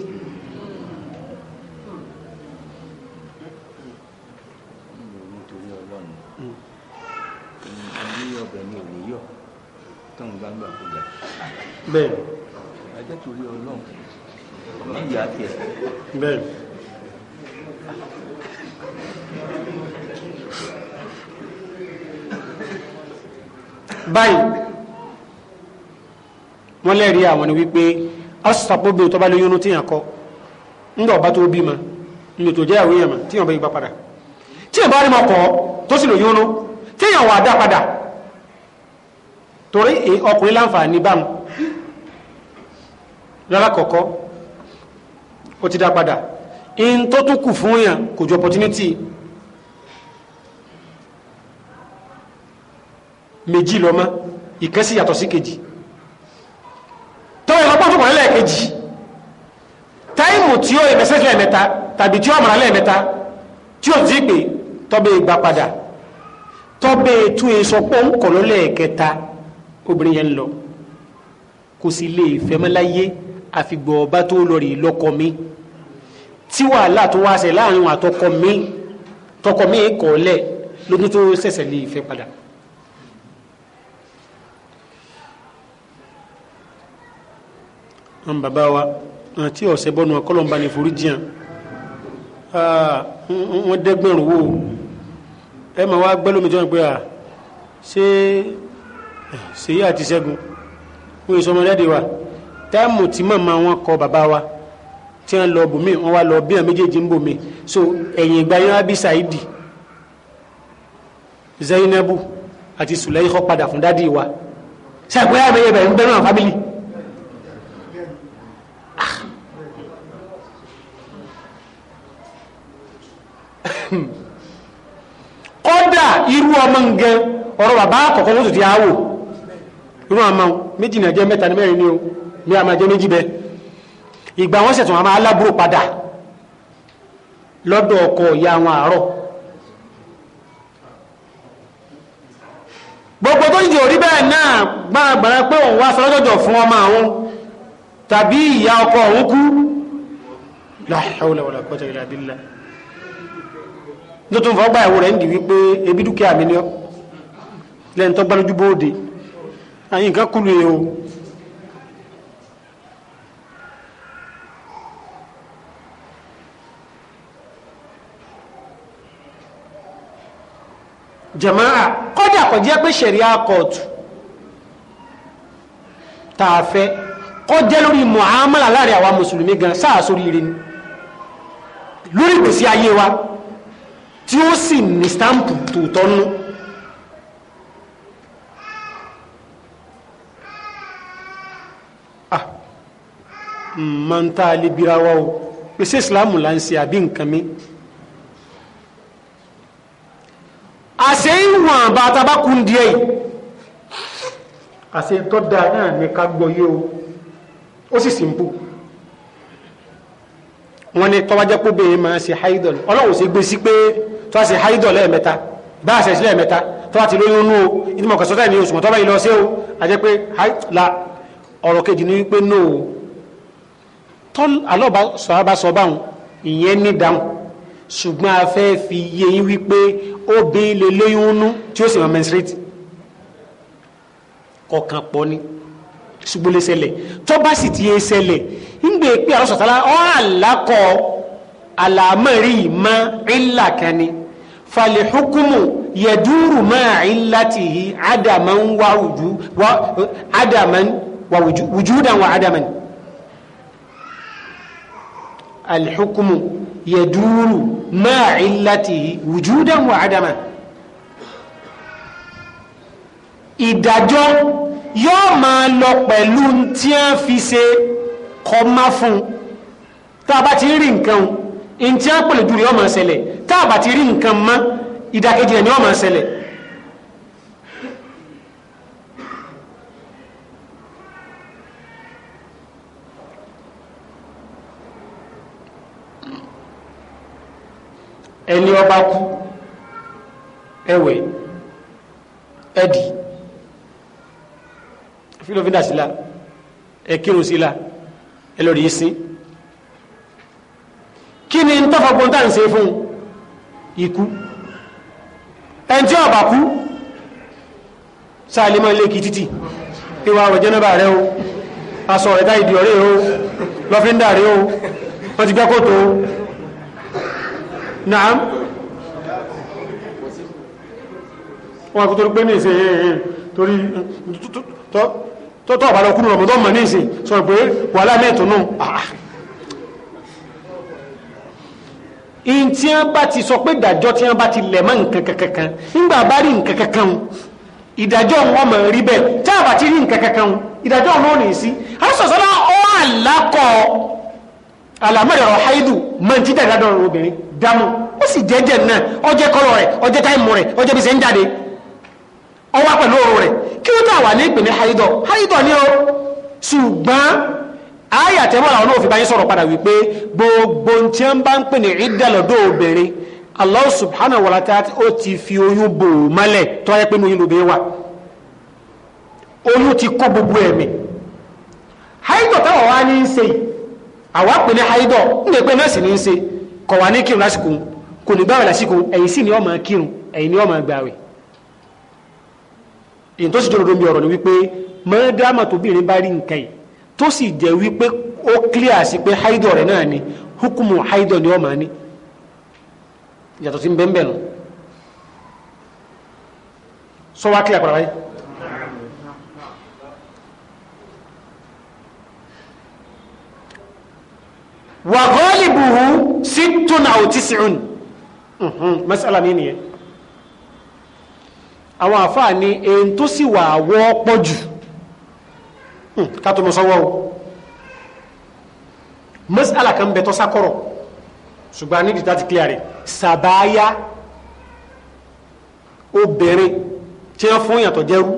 bẹ́ẹ̀ bẹ́ẹ̀ báyìí wọ́n lẹ́rí àwọn ni wípé asọ́pọ̀ bí bá lóyún tíyàn kọ́ ńgbà ọba tó ma ní ètò ìjẹ́yàwó tíyàn bá yí padà tíyàn bá rí mọ̀ kọ́ tó sì lóyún tíyàn wà dá padà torí ọkùnrin láǹfààní kọ̀ọ̀kọ́ ó ti dá padà in tó tún kù méjì lọ́mọ ìkẹ́sì yàtọ̀ sí kejì tọ́wọ́ ìlọ́pọ̀ tó kọ̀ lẹ́ẹ̀kejì táìmù tí ó ìmẹ̀sẹ̀ lẹ́ẹ̀mẹ́ta tàbí tí ó àmàrà lẹ́ẹ̀mẹ́ta tí ó ti pè tọ́bẹ̀ ìgbà padà tọ́bẹ̀ tú èso pọ́ńkọ̀ lọ́lẹ́ẹ̀kẹta obìnrin yẹn lọ kò sì lè fẹ́mọ́láyé àfìgbọ̀ ọba tó lọ́ọ̀rì lọ́kọ mi tí wàhálà tó wá ṣe láàrin àtọkọ mi tọkọ mi kọ̀ lẹ̀ lójú tó ṣẹ̀ṣẹ̀ lè fẹ́ padà. àwọn bàbá wa àti ni bọ́nu ọkọlọ́mba ní foríjìyàn wọ́n dẹ́gbẹ̀rún wo ẹ máa wá gbẹ́ lómi tí wọ́n pe à ṣé ṣèyí àti ṣẹ́gun wọ́n èso ọmọdé wa táàmù tí màmá wọn kọ bàbá wa tí wọ́n lọ bòmí wọ́n wá lọ bí méjèèjì ń bòmí so ẹ̀yìn ìgbà yẹn wá bí Saidi Zainabu àti Sulaikho padà fún dádì wa ṣàpẹ́ àmẹ́yẹ bẹ̀rẹ̀ ń bẹ́rù àwọn fámìlì. kọ́dà irú ọmọ nǹkan ọ̀rọ̀ bàbá àkọ́kọ́ lóṣù tí a wò irú ọmọ méjì náà jẹ́ mẹ́ta ní mẹ́rin o mi àmà jẹ́ méjì bẹ ìgbà wọn ṣẹ̀tún àmà alábúrò padà lọ́dọ̀ ọkọ ìyá wọn àárọ̀ gbogbo tó jẹ́ orí bẹ́ẹ̀ náà gbáragbára pé òun wá sọ́lọ́jọ̀jọ̀ fún ọmọ àwọn tàbí ọkọ òun la ló tún fọ́gbà ìwò rẹ̀ ń di wípé ebi dúkìá mi ni ọ́ lẹ́yìn tó gbálójú bóde àyìn nǹkan kúlù yìí o jàmáà kọ́dà kò pé ṣẹ̀ríà kóòtù tààfẹ́ kọjẹ́ lórí muamala láàrin àwa mùsùlùmí gan sáà sórí ire ni lórí ìgbésí ayé wa tí ó sì ní stamp tòótọ́ nú ah ma ń tá a lè bira wa o pèsè ìsìláàmù là ń àbí nǹkan àṣẹ ìwọ̀n àbátabákùn díẹ̀ àṣẹ tó náà ní ká gbọ́ o ó sì sìnkú wọ́n ní tọ́wájẹ́ kó bèèrè máa ṣe haidol ọlọ́wọ́ sì gbé sí pé fásì haidọ̀ lẹ́ẹ̀mẹ́ta bá a ṣẹ̀ṣẹ̀ lẹ́ẹ̀mẹ́ta tó láti lóyún nú o ìdí mọ̀kàn sọ́tà ìní oṣù mọ̀ tọ́ba sí o àjẹ́ pé la ọ̀rọ̀ kejì ni wípé no o tọ́ alọ́ba sọ̀rọ̀ sọ báwọn ìyẹn ní dáhùn ṣùgbọ́n a fẹ́ fi yé yín wípé obìnrin lè lóyún nú tí ó sì mọ̀ menstruate kọ̀ọ̀kan pọ̀ ni ṣùgbọ́n فالحكم يدور مع علته عدما ووجو عدما ووجودا وعدما الحكم يدور مع علته وجودا وعدما ìdájọ́ yóò máa lọ pẹ̀lú tí a fi ṣe kọ́ máa fún tá a bá ti rí nǹkan ntí a pèlè jùlọ ọmọ ṣẹlẹ̀ tá a bá ti rí nǹkan mọ́ ìdàkejì rẹ̀ ni ọmọ ṣẹlẹ̀ ẹni ọba kú ẹwẹ ẹdì fílọ́fíndà sílá ẹkírun sílá ẹlọ́rìí sí. La, kí ni tọ́fọ̀gbọ́n tá ń ṣe fún ikú ẹn tí ọba kú sáàlímọ̀ ilé kí títì ìwà àwẹ̀ jẹ́nàbà rẹ o aṣọ ẹ̀dá ìdí ọ̀rẹ́ o lọ́fíndà rẹ o wọ́n ti gbẹ́kòtò o naam wọ́n kò torí pé ní ìsẹ̀ eh, eh, torí tọ́tọ̀ ọ̀bàdàn kúrò ní ìsẹ̀ sọ pé wà láàmì ètò náà in tí wọ́n bá ti sọ pé ìdájọ́ tí wọ́n bá ti lẹ̀ mọ́ nǹkan kankan nígbà bá rí nǹkan kankan ìdájọ́ wọn mọ̀ rí bẹ́ẹ̀ tí a bá ti rí nǹkan kankan ìdájọ́ wọn ò ní sí asọ̀sọ́lá ọ́ àlákọ̀ àlàmọ́rẹ̀ ọ̀rọ̀ haidu máa ń ti dàgbà dọ̀rọ̀ obìnrin dámú ó sì jẹ́jẹ́ náà ọjẹ́ kọ́lọ̀ rẹ̀ ọjẹ́ táìmù rẹ̀ ọjẹ́ bí ṣe ń pẹ̀lú òru rẹ̀ kí ó tà ní ìpè a àtẹ̀mọ́ra ọ̀nà òfin bá yín sọrọ padà wípé gbogbo tí wọ́n bá ń pè ní ìdẹ́lọ́dọ̀ obìnrin Allah subhanahu wa ó ti fi oyún bò ó mọ́lẹ̀ tó n'oyilu pé wa yín lóbi wà ti kó gbogbo ẹ̀mí haidọ̀ táwọn wá ní í ṣe àwa pè ní haidọ̀ ń lè ní í kọ̀ wá ní kírun lásìkò kò ní lásìkò ẹ̀yìn sì ni kírun ni èyí tó sì tó sì jẹ́ wípé ó clear sí pé haidọ̀ rẹ̀ náà ni hukumu haidọ̀ ni ó máa ní yàtọ̀ sí bẹ́ẹ̀ bẹ́ẹ̀ nù sọ wá clear pàrọ̀ báyìí. wa ghalibuhu sittun aw tis'un mas'ala mi nìyẹn àwọn àfáà ni èyí tó sì wà wọ́ pọ̀ jù. Hmm, ká tó mọ sọ́wọ́ o masala kan bẹ tọ́sá kọ̀rọ̀ ṣùgbọ́n nídìí tá ti clear rẹ̀ sàbáyá obìnrin tí wọ́n fún yàtọ̀ jẹ́rú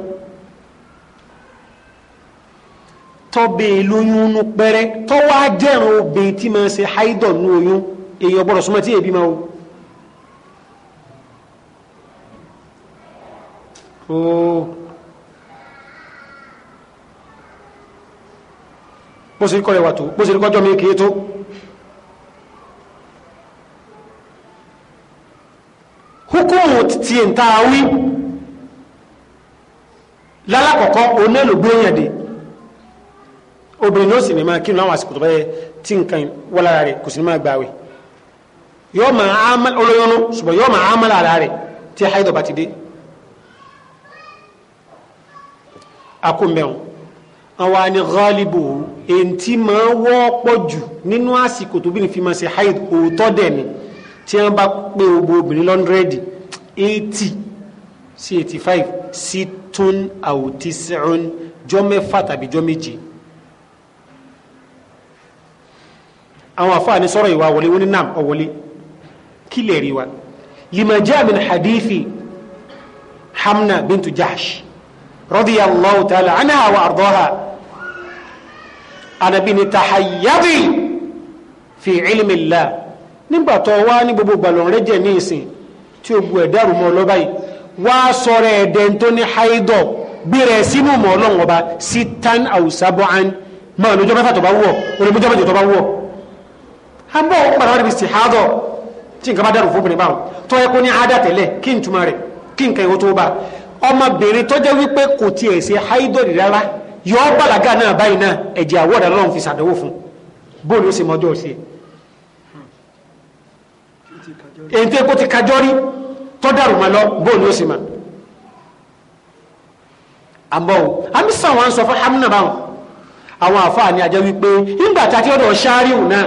tọ́bẹ̀ lóyún nú pẹ́rẹ́ tọ́wọ́ ajẹ́rùn obìnrin tí máa ṣe haidọ̀ nú oyún èèyàn gbọ́dọ̀ súnmọ́ tí èbí máa wò. ooo bó ṣe kọ́ rẹwà tó bó ṣe kọjọ́ mi kìí tó hukumu ti ń ta wí lálàkọ̀kọ́ onílò gbóyànde obìnrin náà sì ní máa kí ní àwọn àsìkò tó bá yẹ tí nǹkan wọ́n lára rẹ̀ kò sì ní máa yóò máa ámàlà ṣùgbọ́n yóò máa ámàlà ara rẹ̀ tí haidọ̀ bá ti dé akó àwọn àni ghalibu èyí tí máa wọ́pọ̀ jù nínú àsìkò tóbi ní fi máa ṣe haid òótọ́ dẹ̀ ni tí wọ́n bá pé gbogbo obìnrin lọ́ndrẹ́dì eighty sí eighty five sí tún àwòtí sẹ́rún jọ́ mẹ́fà tàbí jọ́ méje. àwọn àfáàní sọ̀rọ̀ ìwà wọlé wọn ni nam ọ̀wọlé kí lè rí wa lima jaa hadithi hamna bintu jahsh radiyallahu ta'ala anha wa ardaha anabi ni tahayabi fi ilmi Allah nígbà tó wá ní gbogbo gbàlọ́ rẹ jẹ́ ní ìsìn tí o bu ẹ̀dá rùmọ́ lọ́ba yìí wá sọ̀rọ̀ ẹ̀dẹ̀ tó ní haidọ̀ gbéra ẹ̀ sínú mọ́ ọlọ́run ọba sí tan àwùsábọ́án máa lójọ́ mẹ́fà tó bá wọ̀ olùmọ́jọ́ mẹ́jọ tó bá wọ̀ a bọ̀ ó pàdánù níbi sìhádọ̀ tí nǹkan bá dàrú fún obìnrin báwọn tó yẹ kó ní àádá tẹ̀lẹ̀ kí n túmọ̀ rẹ̀ kí nǹkan ìwọ́ tó bá ọmọbìnrin tó jẹ́ wípé kò tiẹ̀ ṣe haidọ̀ rárá yọ bàlágà náà báyìí náà ẹ̀jẹ̀ àwọ̀dà lọ́run fi sàdánwò fún bóòlù ó sì mọ́jọ́ sí i èyí tó kó ti kájọ́ rí tọ́ dàrú mọ́ lọ bóòlù ó sì mọ́ àmọ́ o àmì sàn wọn sọ fún amúnà báwọn àwọn àfáà ni àjẹ́ wípé nígbà tá a ti náà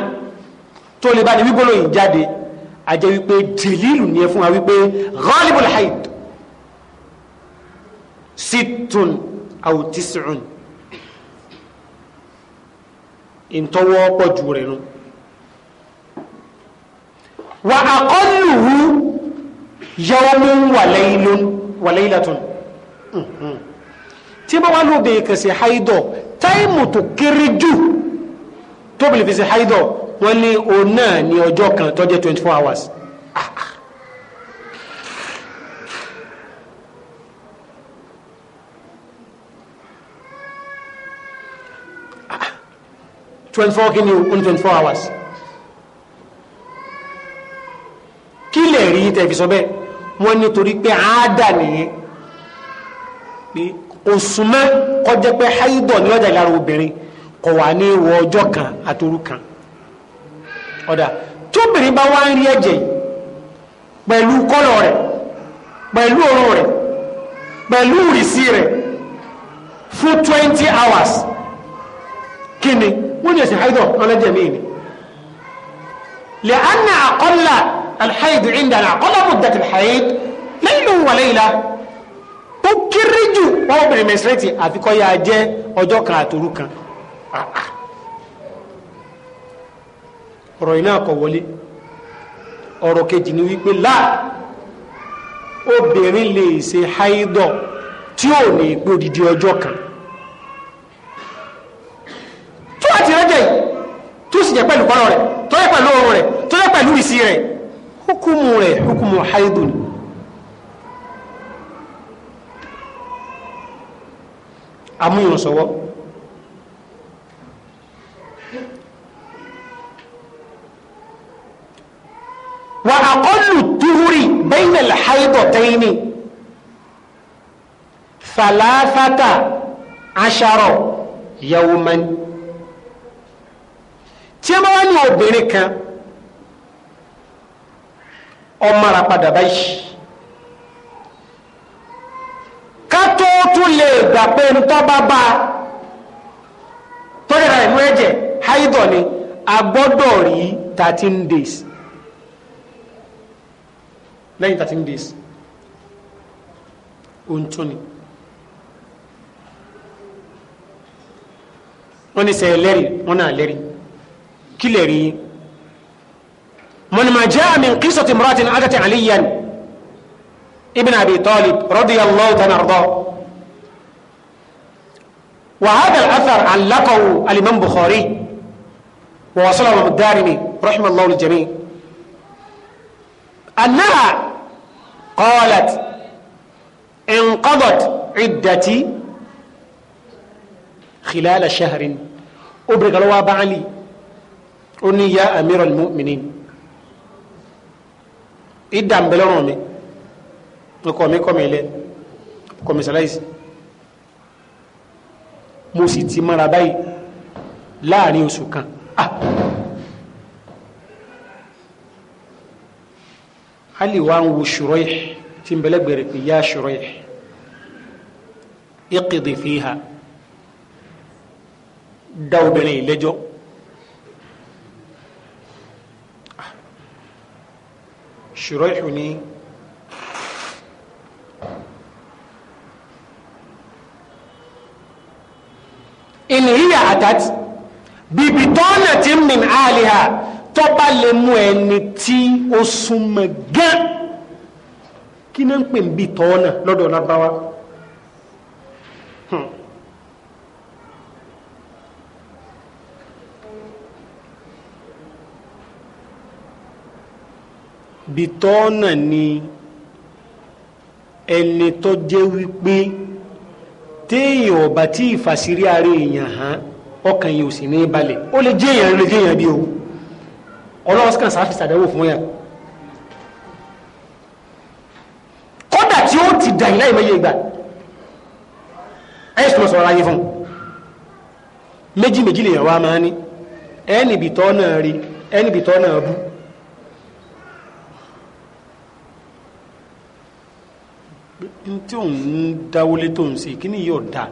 tó lè bá ní wígbóló yìí jáde àjẹ́ wípé dìlílù ni ẹ fún wa wípé ghalibul haid situn aw ntọ́wọ́ pọ̀ jù rẹ̀ nu wà àkọlùwù yawmun wa laylatun mm-hmm. tí bá wà lóbe kẹsì haidọ̀ táìmù tó kéré jù tóbi lè fi ṣe haidọ̀ wọ́n ní òun náà ní ọjọ́ kan tó jẹ́ twenty four hours. Ah, ah. 24 kí ni 24 hours kí lè rí tẹ̀fi sọ bẹ́ẹ̀ wọ́n nítorí pé àádà nìyẹn pé òsùnmọ́ kọjá pé haidọ̀ ní ọjà ìlara obìnrin kò wà ní ìwọ ọjọ́ kan àtòru kan ọ̀dà tóbìnrin bá wá ń rí ẹ̀jẹ̀ pẹ̀lú kọ́lọ̀ rẹ̀ pẹ̀lú òórùn rẹ̀ pẹ̀lú ìrísí rẹ̀ fún 20 hours kí ni wọ́n yẹ̀ sí haidọ̀ ọlọ́jẹ̀ mí ni لأن أقل الحيض عندنا أقل مدة الحيض ليل وليلة ó kéré jù wọ́n obìnrin mẹ́sìrẹ́tì àfikọ́ ya jẹ́ ọjọ́ kan àtòru kan ah, ah. ọ̀rọ̀ iná kọ̀ wọlé ọ̀rọ̀ kejì ni wípé láà obìnrin lè ṣe haidọ̀ tí ò ní pé odidi ọjọ́ kan jẹ́ yìí tó sì jẹ́ pẹ̀lú kọ́lọ̀ rẹ̀ tó jẹ́ pẹ̀lú oorun rẹ̀ tó jẹ́ pẹ̀lú ìsí rẹ̀ hukumu rẹ̀ hukumu haidu ni amúyànsọ́wọ́ wa aqallu tuhuri bayna al-haydatayn thalathata ashara yawman tí ẹ bá wá ní obìnrin kan ọmọ ara padà báyìí ká tó tún lè gbà pé ntọ́ bá bá a ìlú ẹ̀jẹ̀ haidọ̀ ni a rí thirteen days lẹ́yìn thirteen days ohun tún ni wọ́n ní sẹ́yìn lẹ́rìí wọ́n náà lẹ́rìí. كليري من ما جاء من قصة امرأة أتت عليا ابن أبي طالب رضي الله تعالى وهذا الأثر علقه الإمام بخاري ووصله أبو الدارمي رحمه الله للجميع أنها قالت انقضت عدتي خلال شهر أبرق الله بعلي ó ní ya amiral mu'minin ìdá ń bẹ lọ́rùn mi ọkọ mi kọ́ mi lẹ ọkọ mi sàlàyé mo sì ti mara báyìí láàrin oṣù kan ah ali wa ń wo ṣùrọ̀ yìí tí ń bẹ ya ṣùrọ̀ yìí iqdi fiha dá obìnrin ìlẹ́jọ́. ṣùrọ́ìhù ní ìníyà àtàtì bíbí tọ́nà tí mìn àlìhà tó bá lè mú ẹni tí ó súnmọ́ gán kí náà ń pè ń bí tọ́nà lọ́dọ̀ lábáwá. bitọ́ọ̀nà ni ẹni tó jẹ́ wípé téèyàn ọba tí ìfàsírí ara èèyàn hàn ọkàn yìí ò sì ní balẹ̀ ó lè jẹ́ èèyàn lè jẹ́ èèyàn bí o ọlọ́run kàn sáfì sàdáwò fún yàn kódà tí ó ti dàn láì mẹ́yẹ ìgbà ẹ̀ sọ̀rọ̀ sọ̀rọ̀ ayé fún méjì méjì lèèyàn wá máa ní ẹni bitọ́ọ̀nà rí ẹni bitọ́ọ̀nà bú n tí òun dáwọlé tó ń ṣe kí ni yóò dà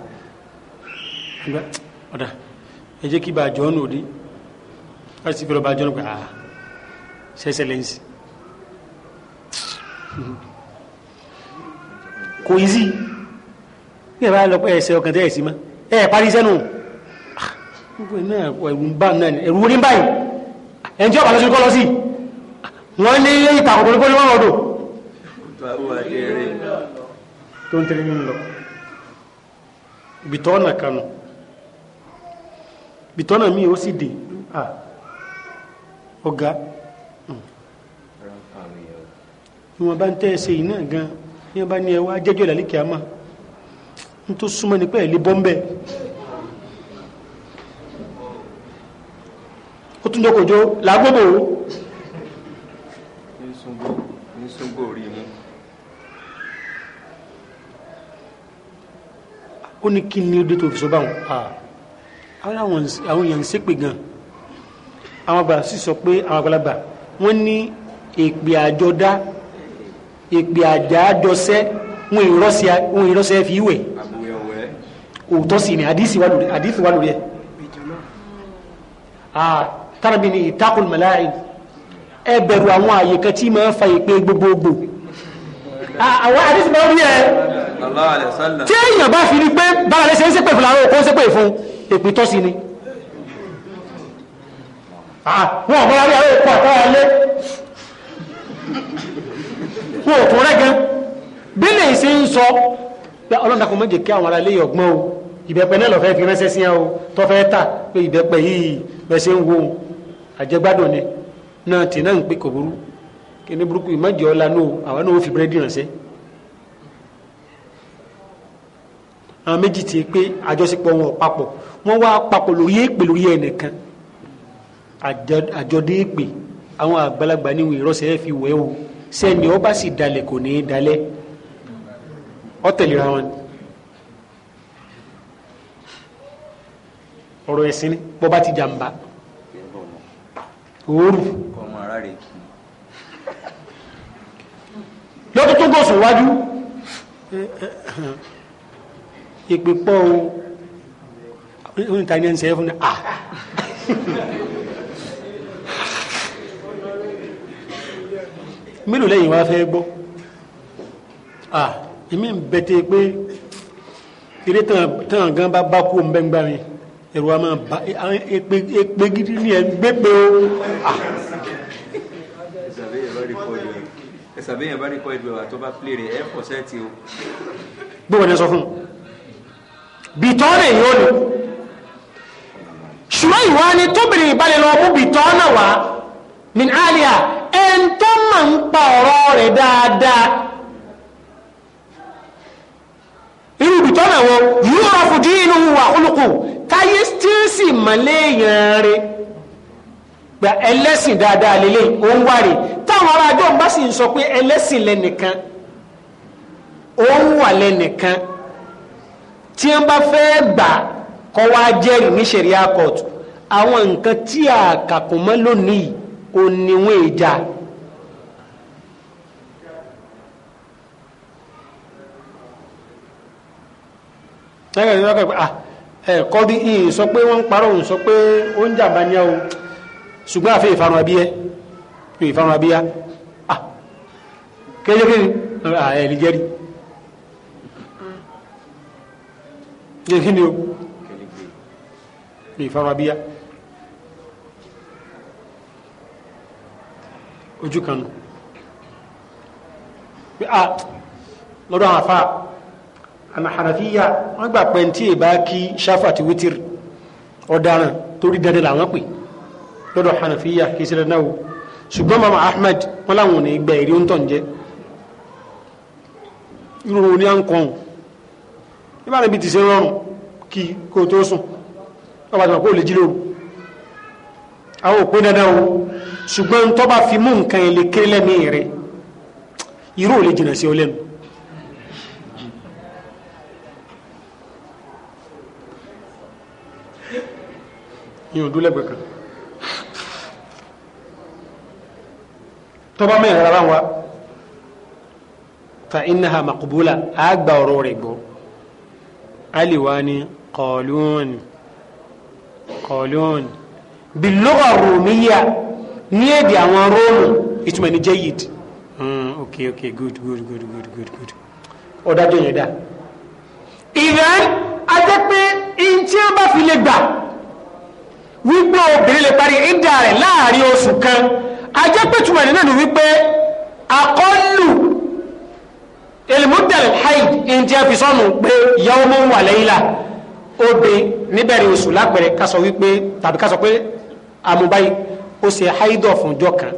ọ̀dà ẹ jẹ́ kí bàjọ́ ọ̀nà òde láti ti fi lọ bàjọ́ ọ̀nà pé àà ṣẹṣẹ lẹ́yìn sí kò yí sí bí ẹ bá lọ pé ẹsẹ ọkàn tẹ́ ẹ sí mọ́ ẹ parí sẹ́nu ah, ẹ̀rù ń bá náà ẹ̀rù wo ní báyìí ẹ̀ ń lọ́sọ̀rọ̀ kọ́ lọ sí wọ́n ní ìtàkùn tó ní wọ́n rọ̀ dò tó ń tẹ̀lé nínú lọ bìtọ́ ọ̀nà kanu bìtọ́ ọ̀nà míì ó sì dè à ah. ọ̀gá ìwọ̀n hmm. bá ń tẹ́ yìí náà gan ní wọ́n bá ní ẹwà jẹ́jọ́ ìlàlẹ́ kìámà ń tó súnmọ́ ní pẹ́ẹ́lí bọ́m̀bẹ́ ó tún jọ kòjó làágbọ́bọ̀ o. ní sungbó rí mi. ó ní kí ni ó dé tó fi sọ báwọn ara àwọn èèyàn ń ṣépè gan àwọn àgbà sì sọ pé àwọn àgbàlagbà wọ́n ní èpè àjọdá èpè àjàjọsẹ wọn ìrọsẹ wọn ìrọsẹ fi wẹ òótọ́ sí ni àdìsí wà lórí àdìsí wà lórí ẹ tàbí ni ìtakùn mẹláì ẹ bẹ̀rù àwọn àyè kan máa ń fa èpè gbogbogbò àwọn àdìsí máa ń rí ẹ tí èèyàn bá fi ni pé bára lè ṣe ń ṣépè fún làwọn òkú ń ṣépè fún èpè tọ́sí ni wọn ò mọ́ra rí àwọn òkú àtàwọn alẹ́ wọn ò tún rẹ́gẹ́ bí lè ṣe ń sọ pé ọlọ́dà kò mọ̀jẹ̀ kí àwọn ará ilé ọgbọ́n o ìbẹ̀pẹ̀ náà lọ́fẹ́ fi ránṣẹ́ sí ẹ o tọ́fẹ́ tà pé ìbẹ̀pẹ̀ yìí bẹ̀ṣẹ̀ ń wo àjẹgbádùn ni náà tì náà ń pè kò burú kí ní burúkú ìmọ̀jẹ̀ ọ̀la náà àwọn náà ó fi búrẹ́dì ránṣẹ́ àwọn méjì ti pé àjọṣepọ̀ wọn papọ̀ wọ́n wá papọ̀ lórí èpè lórí ẹnìkan àjọdé èpè àwọn àgbàlagbà níwèé ìrọsẹ̀ fi wẹ̀ o sẹ́ni ó bá sì dalẹ̀ kò ní í dalẹ̀ ó tẹ̀léra wọn ọ̀rọ̀ ẹ̀sìn ni bọ́ba ti jàǹbá òórù lọ́tún tó gòsùn wájú ìpè pọ̀ o ní ta ni ẹ̀ ń sẹ́yẹ́ fún mi à. mélòó lẹ́yìn wá fẹ́ gbọ́ à èmi ń bẹ̀tẹ̀ pé eré tán gan bá bá kú òun bẹ́ẹ̀ ń gbà mí ẹ̀rù wa máa bá èpè gidi ni ẹ̀ ń gbé pé o à ẹsàbẹ̀yìn bá rí kọ́ ìgbẹ̀wà tó bá pléèrè ẹ̀ pọ̀ sẹ́ẹ̀tì o. gbọ́dọ̀ sọ fún un bìtọ́nà yóò ní ṣùgbọ́n ìwá ni tóbìnrin ìbálẹ̀ lọ mú bìtọ́nà wá min alia ẹn tó mọ̀ ń pa ọ̀rọ̀ rẹ̀ dáadáa irú bìtọ́nà wo yóò rọ fùdí inú wà olùkù táyé tí ń sì gba ẹlẹ́sìn dáadáa lélẹ̀ òun táwọn ará àjọ ń bá sì ń sọ pé ẹlẹ́sìn lẹ́nìkan òun wà lẹ́nìkan tí wọ́n bá fẹ́ gbà kọ́ wá jẹ́rìí ní sẹ̀ríà court àwọn nǹkan tí a kàkùn mọ́ lónìí ò níwọ̀n ìjà tẹ́lẹ̀ ní ọkọ̀ ẹ̀ kọ́dí ìyìn sọ pé wọ́n ń parọ́ òun sọ pé ó ń jàmbá ní ọ̀hún ṣùgbọ́n àfẹ́ ìfarun abíyẹ́ ìfarun abíyá kéjọ́ ah, kí ẹ̀ ah, lè jẹ́rìí kí ni o ìfarabíyá ojú kan pé a ah, lọ́dọ̀ àwọn afá àmàhàràfíyà wọ́n gbà pé tí èbá kí ṣáfà àti wítìrì ọ̀daràn torí dandan làwọn pè lọ́dọ̀ hànàfíyà kì í sílẹ̀ náà o ṣùgbọ́n mama ahmed wọn làwọn ní gbẹ ìrí ń tàn ibà níbi ti ṣe rọrùn kí kò tó sùn ọba kó lè jí àwọn òpin dandan o ṣùgbọ́n tó bá fi mú nǹkan ilé kéré lẹ́mìí rẹ̀ irú ò lè jìnà sí ọ lẹ́nu yóò dún lẹ́gbẹ̀ẹ́ kan mẹ́rin rárá wa fa innaha maqbula àgbà ọ̀rọ̀ rẹ̀ gbọ́ ali wa ni kọlùn kọlùn bilugha romiya ní èdè àwọn róòmù ìtumọ̀ ní jayid hmm, ok ok good good good good good good ọ̀dájọ́ yẹn dá ìrẹ́ ajẹ́ pé ìntí wọn bá fi lè gbà wípé obìnrin lè parí ìdá rẹ̀ láàrin oṣù kan ajẹ́ pé túmọ̀ nínú wípé akọ́lù elmudal haid in ti a fi sọnù pé yàwó mọ wà lẹ́yìnlá obe níbẹ̀rẹ̀ oṣù lápẹ̀rẹ̀ kásọ wípé tàbí kásọ pé àmúbáyé o ṣe haidọ̀ fún jọ kan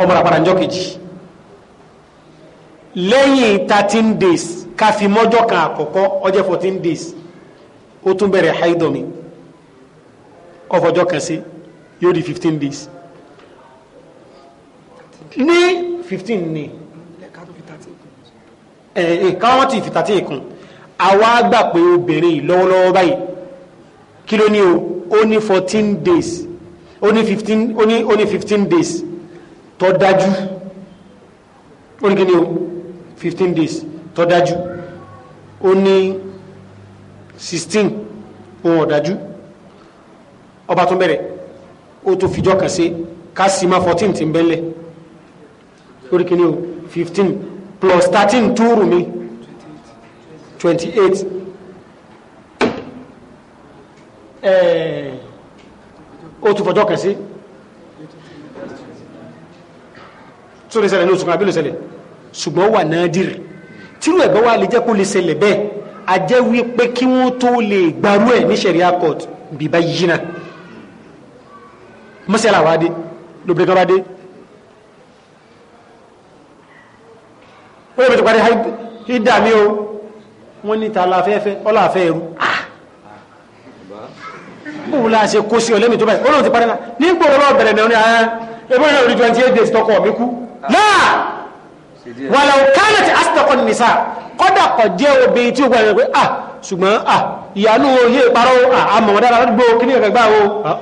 ọmọ ràpàdà thirteen days káfí mọ́jọ́ kan àkọ́kọ́ fourteen days ó tún bẹ̀rẹ̀ haidọ̀ mi ọfọjọ́ kan sí di fifteen days ní fifteen ni ìkáwọ́n ti fìtàtí ìkun àwa gbà pé obìnrin lọ́wọ́lọ́wọ́ báyìí kí ló ní o ó ní fourteen days Only fifteen Only, only fifteen days tó dájú ó ní o fifteen days tó dájú ó sixteen ohun ọ̀dájú ọba tó bẹ̀rẹ̀ ó tó fìjọ́ kàn sí kásìmá fourteen ti ń bẹ́lẹ̀ ó ní o fifteen plus thirteen two mi twenty eight eh, ó tún fọjọ́ kẹsí tó lè ṣẹlẹ̀ ní oṣù kan àbí lè ṣẹlẹ̀ ṣùgbọ́n wà náà dìrì tírú ẹ̀gbọ́n wa lè jẹ́ kó lè ṣẹlẹ̀ bẹ́ẹ̀ a jẹ́ wípé kí wọ́n tó lè gbarú ẹ̀ ní sẹ̀ríà court bíbá yìí náà mọ́sálà wa dé lóbi kan bá dé ó lè parí ìdá mi o wọ́n ní ta láfẹ́fẹ́ ọláfẹ́ ẹ̀rú ah! bóun la ṣe kó sí ọlẹ́mì tó báyìí olóòtú parí nígbò wọn bẹ̀rẹ̀ mẹ́rin ah,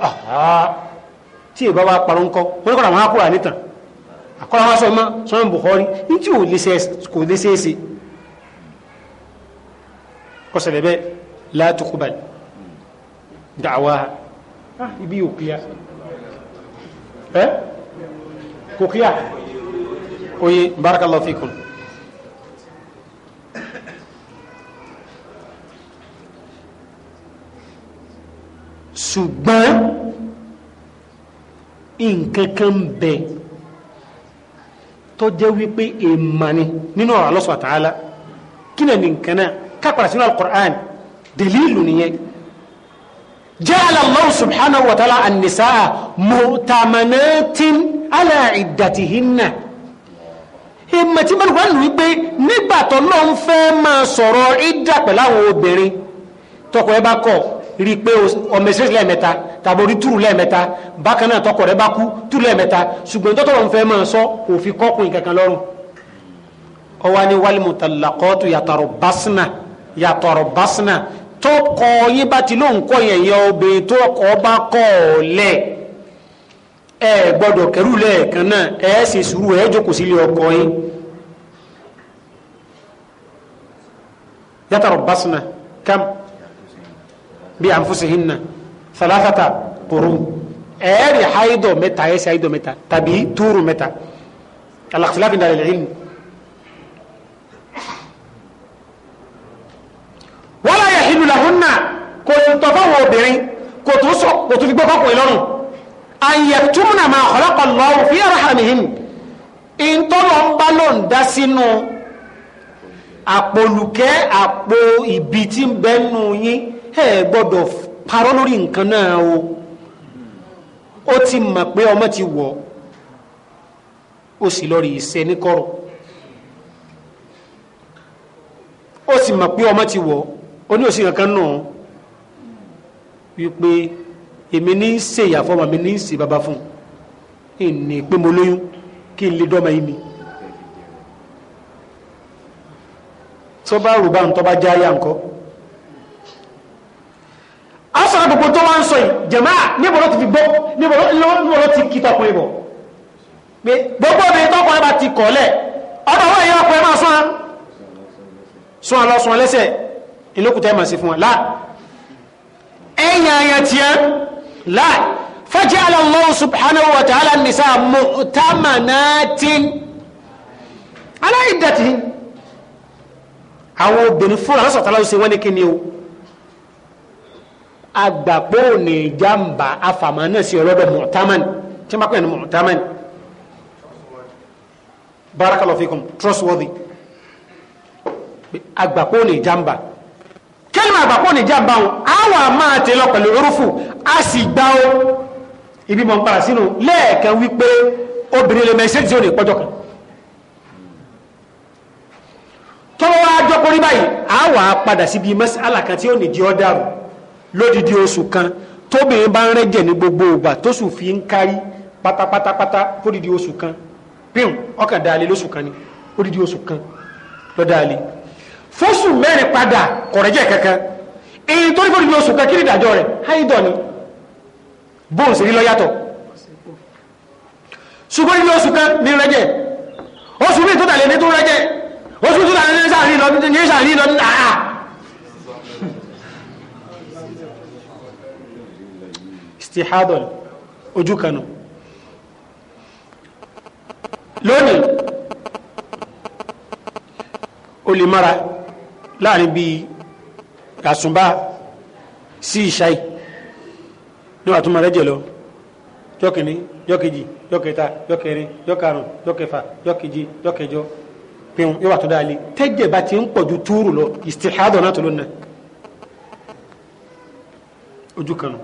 ah, ah ìbá wa parọ́ ńkọ́ wọn kọ́ra wọn á kúrò ànítàn àkọ́lá wá sọ́mọ́ sọ́mọ́ Bukhari ní tí kò lè ṣeéṣe kọ́sẹ̀lẹ̀ bẹ́ẹ̀ la tuqbal da'waha ibi yóò kíyà ẹ́ kò kíyà oye barakallahu fikum ṣùgbọ́n nǹkan kan tọ́jẹ́ wípé èèmàní nínú ọ̀rọ̀ Allah subhanahu wa ta'ala kí ni nìkan náà kápẹ́rẹ́ sínú al-Qur'an dalilu nìyẹn ja'ala Allah subhanahu wa ta'ala an-nisaa mu'tamanatin ala iddatihinna ìmọ̀ tí mẹ́rin wípé nígbà lọ́n fẹ́ máa sọ̀rọ̀ ìdà obìnrin tọkọ ẹ bá rí i pé ọmọ ìṣẹ́sì lẹ́ẹ̀mẹ́ta tàbí orí túrù lẹ́ẹ̀mẹ́ta bákan náà tọkọ rẹ bá kú túrù lẹ́ẹ̀mẹ́ta ṣùgbọ́n tó tọrọ nfẹ́ máa sọ òfin kọ́kùn kankan lọ́rùn. ọwọ́ ni wal mutallaqatu yatarabbasna yatarabbasna tọkọ yín bá ti lóun kọ yẹn yẹn obìnrin tó kọ bá kọ ọ lẹ ẹ gbọ́dọ̀ kẹrù lẹ́ẹ̀kan náà ẹ sì sùúrù ẹ jókòó sílé ọkọ yín yatarabbasna kam bí anfusihinna salasata qurun ẹ̀ẹ́rì haidọ̀ mẹ́ta ẹ̀ẹ́sì haidọ̀ mẹ́ta tàbí túrù mẹ́ta alaxilaf ní alẹ́ ilmi. wala yahilu lahunna kò tọ́ fáwọn obìnrin kò tó sọ kò tó fi gbọ́ fọkùnrin lọ́rùn àyẹ̀túmùnà máa khalaqa Allahu fi arhamihin ìtọ́lọ̀ ń bá ló ń dá sínú àpòlùkẹ́ ẹ gbọ́dọ̀ parọ́ lórí nǹkan náà o ó ti mọ̀ pé ọmọ ti wọ̀ ó sì lọ rí iṣẹ́ ní kọ̀rọ̀ ó sì mọ̀ pé ọmọ ti wọ̀ ó ní òsì kankan náà wípé èmi ní ṣe ìyàfọ́ ọmọ ní ṣe bàbá fún un pé mo lóyún kí n lè dọ́mọ yìí mi. tó bá rò bá ń tọ́ bá já yá nǹkan asọ̀rọ̀ gbogbo tó wá ń sọ yìí jẹ̀máà níbọ̀lọ́ ti fi gbọ́ níbọ̀lọ́ ti kí tọkùnrin bọ̀ pé gbogbo obìnrin tọkùnrin bá ti kọ̀ọ́lẹ̀ ọ̀dọ̀ wọ́n èyí ọkùnrin máa sún sún lọ sún lẹ́sẹ̀ ìlókùtẹ́ sí fún wọn láà ẹ̀yìn àyàn láà agbàpọ̀ ní jàǹbá afàmà náà sí ọlọ́dọ̀ mọ̀támán tí wọ́n pè ní mọ̀támán barakallahu fikum trustworthy agbàpọ̀ ní jàǹbá kẹ́lìmọ̀ àgbàpọ̀ ní jàǹbá wọn àwọn máa tẹ lọ pẹ̀lú orúfù a sì gbá o ibi mọ̀ ń para sínú lẹ́ẹ̀kan wípé obìnrin lè mẹ́sẹ́jì ò ní pọ́jọ́ kan tọ́wọ́ wá jọ́pọ̀ rí báyìí padà síbi mẹ́sàlá kan tí ó ní di ọ́ lódìdí oṣù kan tóbìnrin bá ń rẹ́jẹ̀ ní gbogbo ìgbà tó sùn fi ń kárí pátápátápátá fódìdí oṣù kan píùn ọkàn dáalé lóṣù kan ni fódìdí oṣù kan lọ dáalé fóṣù mẹ́rin padà kọ̀rẹ́jẹ̀ kankan èyí tó ní fódìdí oṣù kan kí ni ìdájọ́ rẹ̀ háìdọ̀ ni bóun sì rí lọ yàtọ̀ ṣùgbọ́n ní oṣù kan ní rẹ́jẹ̀ oṣù mi tó tàlẹ́ ní tó rẹ́jẹ̀ oṣù tó tàlẹ́ ní sàárín lọ ní sàárín lọ ní àà istihadol ojú kanu lónìí o lè mara láàrin bíi àsùnbà sí ìṣáì ní wàá tún máa rẹ́jẹ̀ lọ jọ́kìnní jọ́kejì jọ́kẹta jọ́kẹrin jọ́karùn jọ́kẹfà jọ́keje jọ́kẹjọ pinnu yóò wà tó dáa lé tẹ́jẹ̀ bá ti ń pọ̀ ju lọ istihadol náà tó lónìí ojú kanu.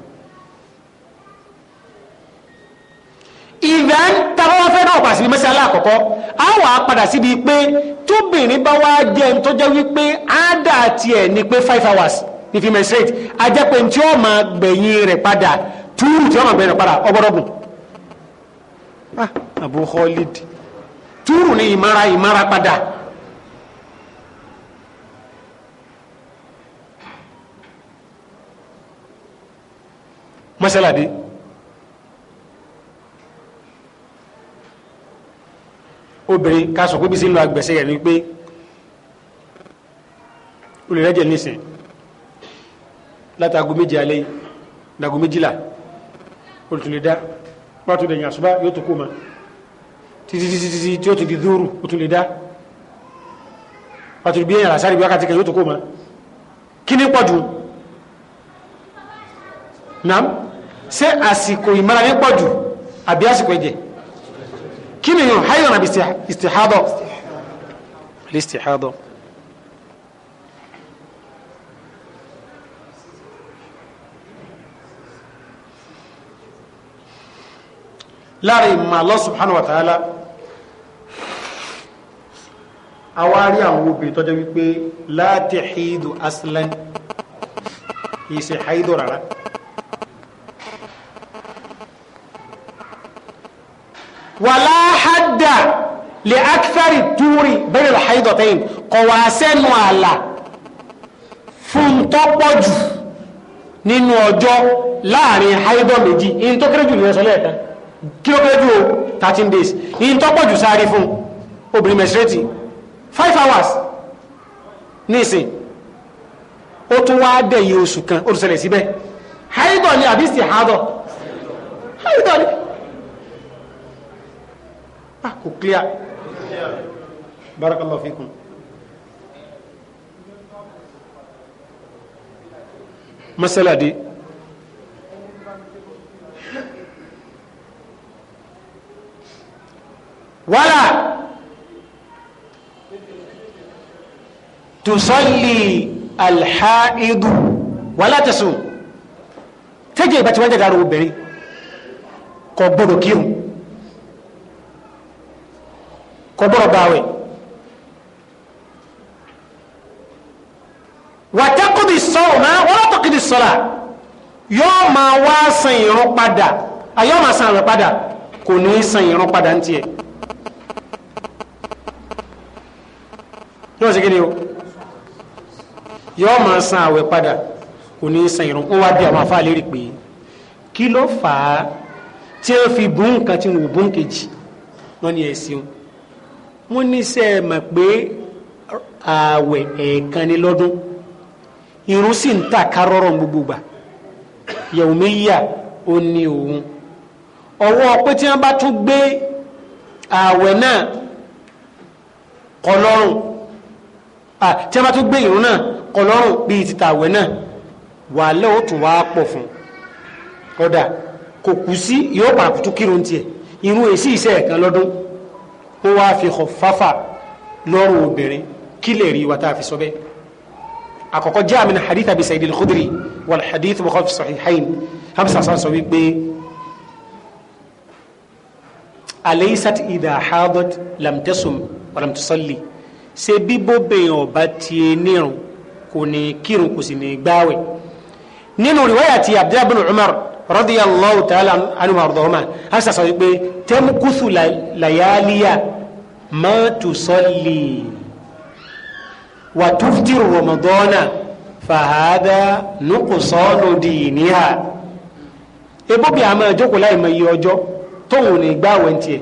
ìdán tàbáwá fẹ́ náà pàṣẹ mẹ́sẹ̀ aláàkọ́kọ́ a wà á padà síbi pé tóbìnrin bá wá jẹ́ ń tó jẹ́ wípé ádà tiẹ̀ ni pé five hours ní fi menstruate a jẹ́ pé tí ó máa gbẹ̀yìn rẹ̀ padà túrù tí ó máa gbẹ̀yìn rẹ̀ padà ọgbọ́dọ̀gùn. Ah, Abu Khalid túrù ni ìmara ìmara padà. mọ́sálàdé. obìnrin ká sọ pé bí sí ń lọ agbẹ̀sẹ̀ rẹ̀ ni pé olùrẹ́jẹ̀ nísìn látago méje alẹ́ dago méjìlá olùtúlẹ̀dá pàtó dẹ̀yìn àṣùbá yóò tó kó ma títí títí títí tí ó ti di dúró olùtúlẹ̀dá pàtó bí ẹ̀yìn àṣàrí bí wákàtí kan yóò tó kó ma kí ni pọ̀jù nam ṣé àsìkò ìmárale pọ̀jù àbí àsìkò ẹ̀jẹ̀ kí ni yóò hayo nàbí istihadọ istihadọ. lára ìmọ̀ Allah subhanahu wa ta'ala awárí àwọn obìnrin tọ́jọ́ wípé láti hídù aslan kìí ṣe haidu rárá wàlá hadda lè akitari túrì bẹ́ẹ̀ lọ haidọ̀tẹ́yìn kọ̀ wá sẹ́nu àlà fún tọ́pọ̀ jù nínú ọjọ́ láàrin haidọ̀ méjì in tó kéré jù ní ẹsọ́lẹ̀ ẹ̀ta kí ó kéré jù o 13 days in tọ́pọ̀ jù sáré fún obìnrin mẹ́sírẹ́tì 5 hours nísìn ó tún wá dẹ̀yẹ oṣù kan ó tún ṣẹlẹ̀ síbẹ̀ haidọ̀ ni àbí sí haidọ̀ ah kò clear barakallahu fikum. masala de wala tusalli alhaidu wala tasun tẹ́jẹ̀ ìbá tí wọ́n jẹ́ dára obìnrin kò kọbọrọ baawẹ wàtẹkùdì sọrọ náà wọlé tọkìdì sọlá yóò máa wá san ìrún padà àyọ máa san ìrún padà kò ní í san ìrún padà ń tiẹ̀ yóò sì kíni o yóò máa san àwẹ̀ padà kò ní í san wá bí àwọn afáàlẹ rí pé kí ló fà á tí fi bùn kan tí wọn kejì wọn ni ẹ ṣeun wọ́n ní sẹ́ mọ̀ pé ààwẹ̀ ẹ̀ẹ̀kan ni lọ́dún irun sì ń ta karọ́rọ̀ gbogbo gbà yẹ̀wùmí yíyà ó ní òun ọwọ́ pé tí wọ́n bá tún gbé ààwẹ̀ náà kọlọrùn tí wọ́n bá tún gbé irun náà kọlọrùn bíi títa ààwẹ̀ náà wàhálà ó tún wáá pọ̀ fún kódà kò kù sí yóò bá kírun tiẹ̀ irun èsì iṣẹ́ ẹ̀kan lọ́dún. ó wá fi khuffafa lọ́rùn obìnrin kí lè rí wa tá a fi sọ bẹ́ẹ̀ àkọ́kọ́ jaa min hadith abi sa'id al-khudri wal hadith bukhari fi sahihayn hamsa san sọ wípé alaysat idha hadat lam tasum wa lam tusalli ṣe bíbó bẹ̀yàn ọba tiẹ̀ nírun kò ní kírun kò sì ní gbáwẹ̀ nínú riwaya ti abdullah bin umar radiyallahu ta'ala anhu àrùdọ̀ọ́mà aṣà sọ wípé tẹ́mukúsù làyálíyà má tusalli wà tuftiru ramadana fàhádà nuqsanu diniha ebóbi àmọ́ ìjókòó láì mọ iye ọjọ́ tóun ò ní gbáwẹ̀ ń tiẹ̀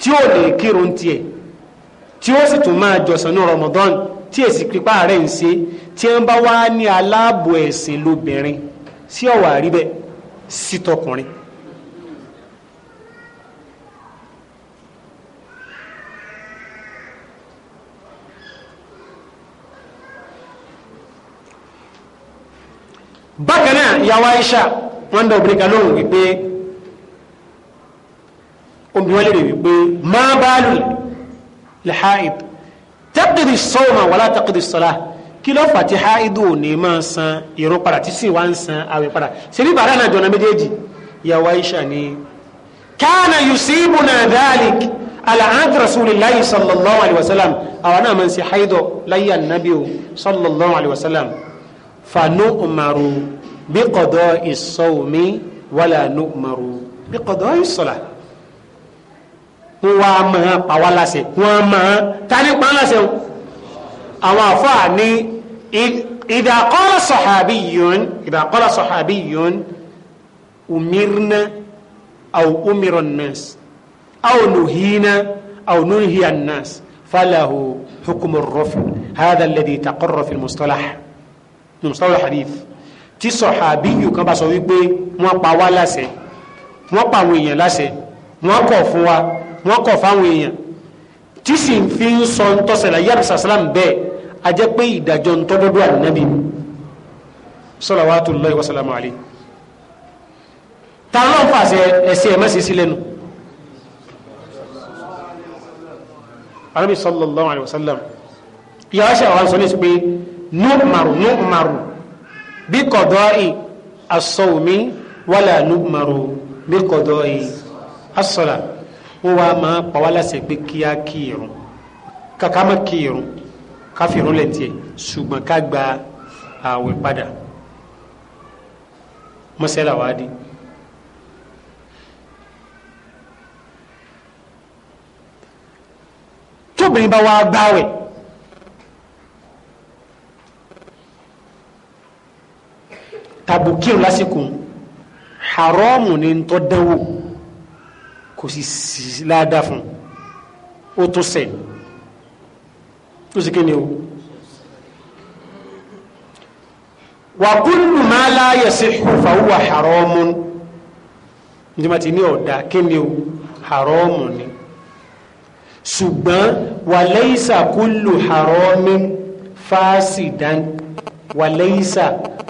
tí ó lè kírun tiẹ̀ tí ó sì tún máa jọ̀sán ní Ramadan tí èsì pípa rẹ̀ ń ṣe tí wọ́n bá wá ní aláàbò ẹ̀sìn lóbìnrin sí ọ̀wà rí bẹ́ẹ̀ sí tọkùnrin. bákan náà ìyàwó Aisha wọn dá obìnrin kan lóhùn wípé obìnrin wọn lè rè wípé máa bá lù lè ha ìb taqdi as-sawma kí ló fà tí haidu ò ní máa san ìrun padà tí sì wá ń san àwẹ̀ padà ṣe bí bàrà náà jọ̀nà méjèèjì yàwá Aisha ni kana yusibuna dhalik ala ahdi rasulillahi sallallahu alaihi wasallam àwa náà máa ń ṣe haidu láyé ànábì o sallallahu alaihi wasallam fa nu'maru bi qada'i sawmi wala nu'maru bi qada'i salah wọ́n á máa pa wá láṣẹ wọ́n máa tani pa láṣẹ àwọn àfáà ní إذا قال صحابي إذا قال صحابي أمرنا أو أمر الناس أو نهينا أو ننهي الناس فله حكم الرفع هذا الذي تقر في المصطلح في مصطلح الحديث tí sọ̀hábíyù kan bá sọ wípé wọ́n pa wá láṣẹ wọ́n pa àwọn èèyàn láṣẹ wọ́n kọ̀ fún wa wọ́n kọ̀ fáwọn èèyàn tí sì ń fi ń sọ ń tọ́sẹ̀lá yàrá sàsálàm bẹ́ẹ̀ ajẹ́ pé ìdájọ́ ntọ́dọ́dọ́ ànábì salawatullahi wa salamu alayhi ta ló ń fàṣẹ ẹsẹ ẹ mẹsì sí lẹ́nu arabi sallallahu alayhi wa sallam ìyá wa ṣe àwọn sọ ní sọ pé nu'maru nu'maru bi qada'i as-sawmi wala nu'maru bi qada'i as-salat wọ́n wá máa pàwọ́ pé kíá kírun kàkà má ká fi ìrun lẹ̀ tiẹ̀ ṣùgbọ́n ká gba ààwẹ̀ padà mọ́sálà wá dé. tóbìnrin bá wá gbáwẹ̀ tàbùkírun lásìkò haramu ni ń dánwò kò sì sí ládàá fún ó tó sẹ́yìn tó sì kéde o wà kúlù máa láàyè sí fàwùwà haramun nígbà tí ní ọ̀dà kéde o haramun ni ṣùgbọ́n wà lẹ́yìísà kúlù haramun fásidan wà lẹ́yìísà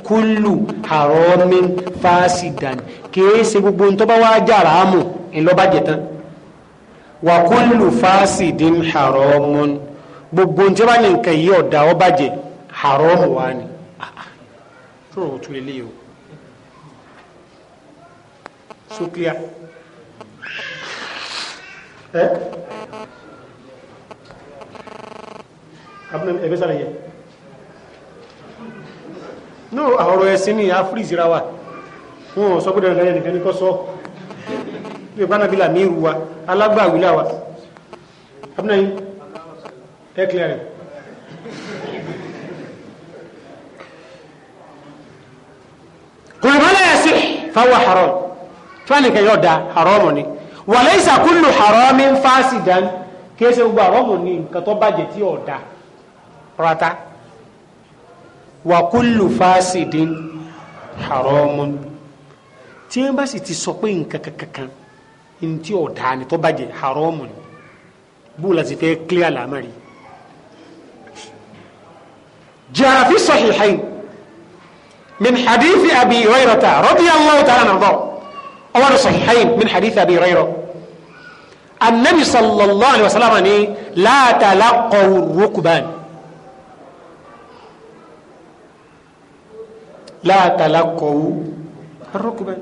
kúlù haramun fásidan kìí ṣe gbogbo tó bá wá jàrá mù ńlọ́bàjẹ́ tán wà kúlù fásidin haramun fásidan gbogbo ní tí wọ́n bá ní nǹkan yìí ọ̀dà ọ bàjẹ́ haramu wa ni tó o tún lè o so ẹ abúlé ẹgbẹ́ sáré yẹ no ọ̀rọ̀ ẹ̀sìn ní áfírísìra wa wọn ò sọ pé dandan yẹn nìkan ní kọ́ sọ bí ìbánabílà mi rù wa alágbàwílà wa abúlé yìí ẹ kílẹ̀ rẹ̀ kùnìmọ́lẹ̀ ẹ̀sìn fáwọn haram fẹ́nìkẹ́ yóò da haram ni wàlẹ́ ìsàkúlù haram ń fásì dání kí ẹsẹ̀ gbogbo haram ni nǹkan tó bàjẹ́ tí ò da rata wàkúlù fásì dín haram tí wọ́n bá ti sọ pé nǹkan kankan ní tí ò ni tó bàjẹ́ haram ni bó la ti fẹ́ جاء في الصحيحين من حديث أبي هريرة رضي الله تعالى عنه أول صحيحين من حديث أبي هريرة النبي صلى الله عليه وسلم لا تلقوا الركبان لا تلقوا الركبان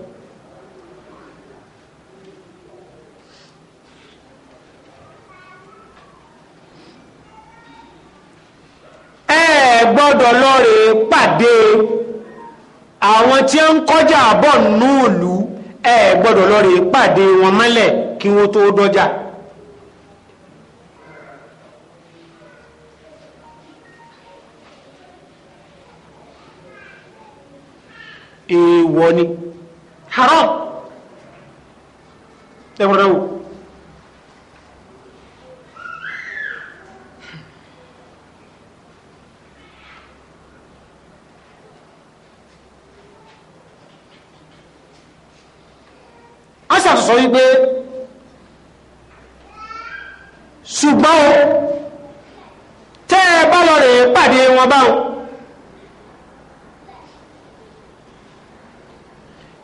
ẹ gbọ́dọ̀ lọ́ọ̀rẹ́ pàdé àwọn tí ń kọjá bọ̀ núùlù ẹ gbọ́dọ̀ lọ́ọ̀rẹ́ pàdé wọn mọ́lẹ̀ kí wọ́n tó dọ́jà. èèwọ̀ ni haram ẹgbẹ̀rún a ṣàtúnṣọ wípé ṣùgbọ́n o tẹ́ ẹ bá lọ rè pàdé wọn báwọn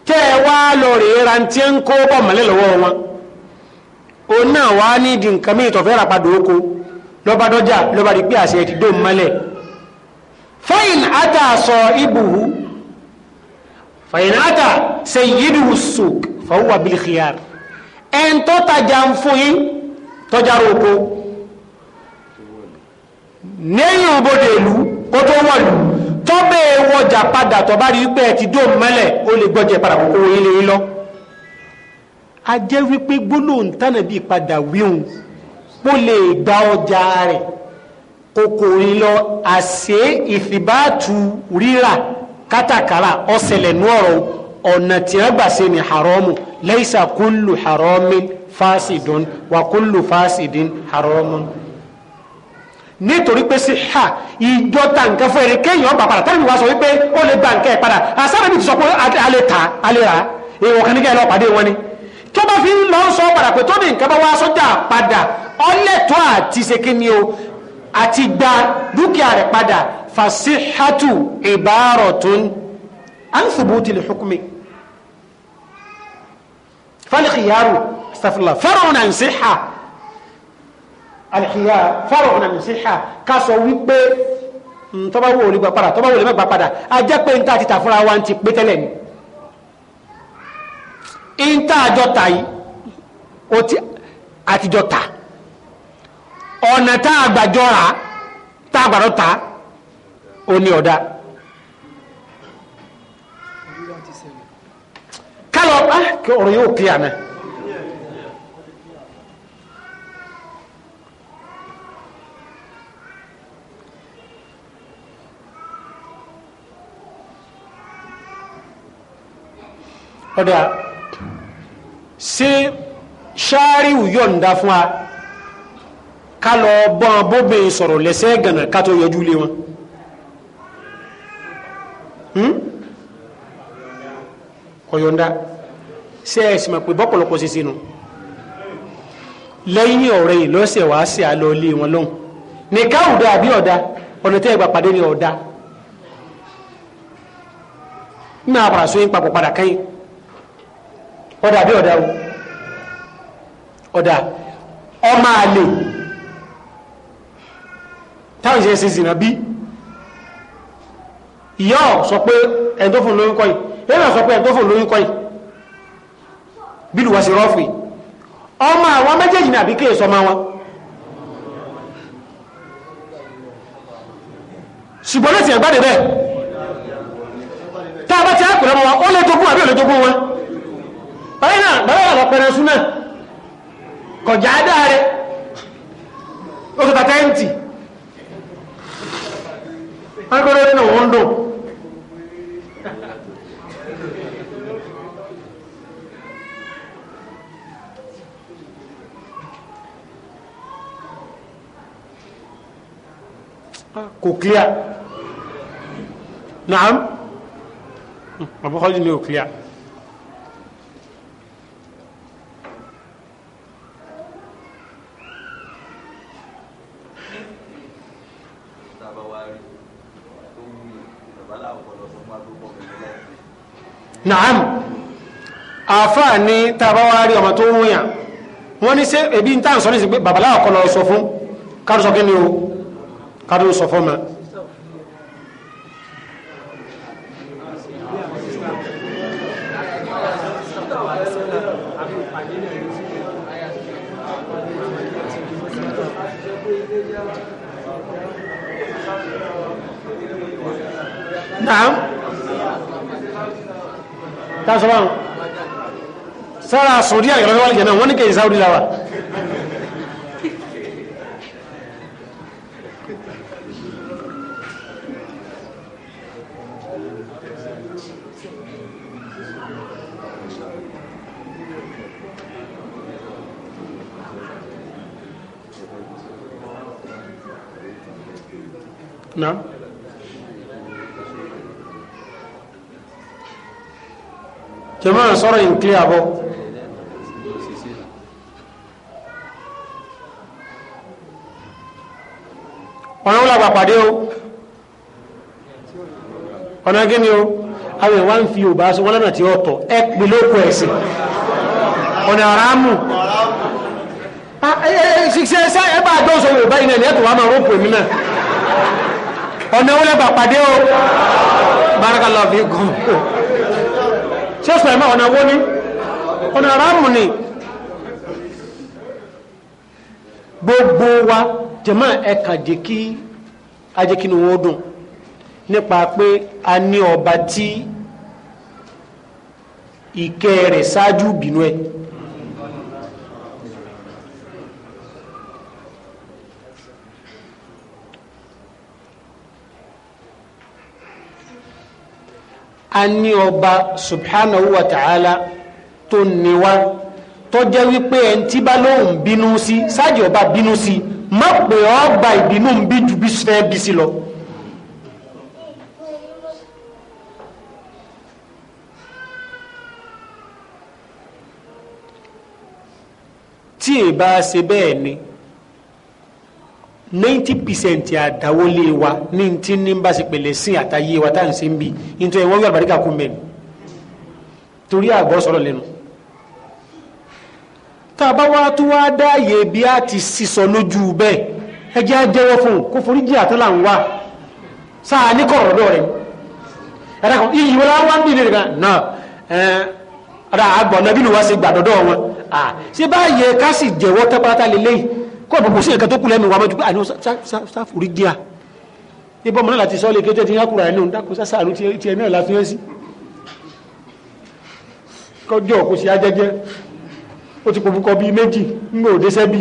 tẹ́ ẹ wá lọ rè rántí ń kó bọ̀ mọ́lẹ̀ lọ́wọ́ wọn òun náà wá ní ìdí nǹkan mí ìtọ̀fẹ́ ràpadà oko lọ́ba dọ́jà lọ́ba rí pé àṣẹ ti dó mọ́lẹ̀ fẹ́yìn ata sọ ibùhù fẹ́yìn ata ṣe yídùú sùkú fọwọ́ bilkhiyar ẹn tó tajà ń fún yín tọ́jà roko lẹ́yìn òbòdè ìlú ó tó wọ̀ lù tọ́bẹ̀ wọjà padà tọ́bá rí wípé ẹ ti dóò mẹ́lẹ̀ ó lè gbọ́jẹ̀ padà kókó wọ́n ilé yín lọ a jẹ́ wípé gbólóhùn tánà bíi padà wíhun ó lè gba ọjà rẹ̀ kókó yín lọ àṣé ìfìbátu rírà kátàkárà ọ̀sẹ̀lẹ̀ nú ọ̀rọ̀ ọ̀nà tí a gbà ṣe ni haramu laisa kullu haramin fásidun wa kullu fásidin haramun nítorí pé sí ha ìjọ ta nǹkan fún ẹni kéèyàn bá padà tẹ́lẹ̀ wá sọ wípé ó lè gba nǹkan ẹ̀ padà àsáré mi ti sọ pé a lè tà a lè rà èèwọ̀ kan ní kẹ́ ẹ lọ́ọ́ pàdé wọn ni tó bá fi ń lọ sọ padà pé tó nǹkan bá wá sọ́jà padà ọlẹ́tọ́ àti ṣèkínni o àti gba dúkìá rẹ̀ padà fasihatu ibaratun an thubuti li hukmi. فالخيار استغفر الله فرع عن صحة الخيار فرع عن صحة ká sọ wípé tọ́ba wo olùgbà padà tọ́ba wo lè má gbà padà a jẹ́ pé nta ti tà fúnra wa ti pé tẹ́lẹ̀ ni nta àjọ ta yìí o ti àtijọ́ ta ọ̀nà tá a ra tá a ta ó ní ọ̀dà. Ah, kí ọ̀rọ̀ yóò kí àná ọ̀dà sí ṣáàríwù yọ̀ǹda fún a ká lọ bọ́n bóbin sọ̀rọ̀ lẹ́sẹ̀ gànà ká tó yọjú lé wọn ọ̀yọ̀ǹda hmm? ṣe é sì mọ̀ pé bọ́pọ̀lọpọ̀ ṣe sínú lẹ́yìn ọ̀rẹ́ yìí lọ́sẹ̀ wàá ṣe àlọ́ ilé wọn lọ́hùn nìka ọ̀dà àbí ọ̀dà ọ̀nà tẹ́ ẹgbà pàdé ni ọ̀dà nínú àpàrà sóyún papọ̀ padà kẹ́yìn ọ̀dà àbí ọ̀dà o ọ̀dà ọmọ àlè táwọn ìṣe ṣe zìnà bí ìyá ọ̀ sọ pé ẹ̀ tó fún lóyún kọ́ yìí lẹ́yìn ọ̀ sọ pé ẹ̀ tó fún lóyún kọ́ yìí. bílù wá sí rọ́fì ọmọ àwọn méjèèjì ní àbíkè sọmọ wọn ṣùgbọ́n lè ti ẹ̀gbá bẹ́ẹ̀ tá a bá ti ápùrẹ́ wọn ó lè jogún àbí ó wọn báyìí náà báyìí wà kọjá dáre ó kò clear naam Abu Khalid ni ò clear naam àfáà ní tàbáwárí ọmọ tó ń wúyàn wọ́n ní ṣé ebi ń tàn sọ ní sí pé babaláwo kọ́ lọ sọ fún kárùsọ kí ni o kádó sọ fọ́ ma naam tásọ́bọ̀n sára sọ̀rí àgbàlọ́wọ́ ìjẹ̀mẹ́ wọ́n ní kẹ́ ìsáwọ́dí láwàá نعم jama sọ̀rọ̀ in clear bọ ọ̀nà wula gba pàdé o ọ̀nà gini o awo wa fi o ba so wọn lana ti o tọ ẹ kpele ko ẹsẹ ọ̀nà aramu ah, ẹ ẹ ẹ ẹ ẹ b'a dọn sọn o ba yi nẹ ẹ tó wa ma ro pèmí náà. ọ̀nà wọlé pàpàdé o barakallahu fikum ṣé ó sọ̀rọ̀ ọ̀nà wọ́n ní ọ̀nà ráàmù ni gbogbo wa jẹ̀mọ́ ẹka jẹ́ ajẹ́kínú wọn dùn nípa pé a ní ọba tí ìkẹ́ rẹ̀ ṣáájú bínú a ní ọba subhanahu wa ta'ala tó ní wa tó jẹ́ wípé ẹni tí bá lóun bínú sí sáàjì ọba bínú sí má pè ọ́ ìbínú ń bí ju bí fẹ́ bí sí lọ. tí ì bá ṣe bẹ́ẹ̀ ni ninety percent àdáwọlé wa ní ti ní bá ṣe pèlè sí àtàyè wa tá à ń ṣe ń bì nítorí wọn yóò àbáríkà kún bẹ́ẹ̀ torí àgbọ̀ sọ̀rọ̀ lẹ́nu tá a bá wá tó wá dáàyè bí a ti sísọ lójú bẹ́ẹ̀ ẹ jẹ́ àjẹwọ́ fún un kó forí jìyà tó là ń wá sáà ní kọ̀rọ̀ lọ́dọ̀ rẹ̀ ẹ̀rọ kan iyì wọn wá ń bì nínú kan náà ẹ̀ẹ́n àgbọ̀n nàbí ni wọ́n ṣe gbàdọ̀dọ̀ wọn à ṣé báyẹ ká sì jẹ́wọ́ tẹ́pátá lélẹ́yìí kọ́ ọ̀pọ̀ kò sí nǹkan tó kú lẹ́mìí wa mọ́jú pé àní sáfùrí díà ibọ́ mọ́ náà láti sọ́ọ́lẹ̀ kéjọ́ ti ń hákùrà ẹni òun dákò sásàánú ti ẹni ọ̀la fíẹ́ sí kọjọ́ kò sí ajẹ́jẹ́ ó ti pòbúkọ bíi méjì ńgbò òdéṣẹ́ bí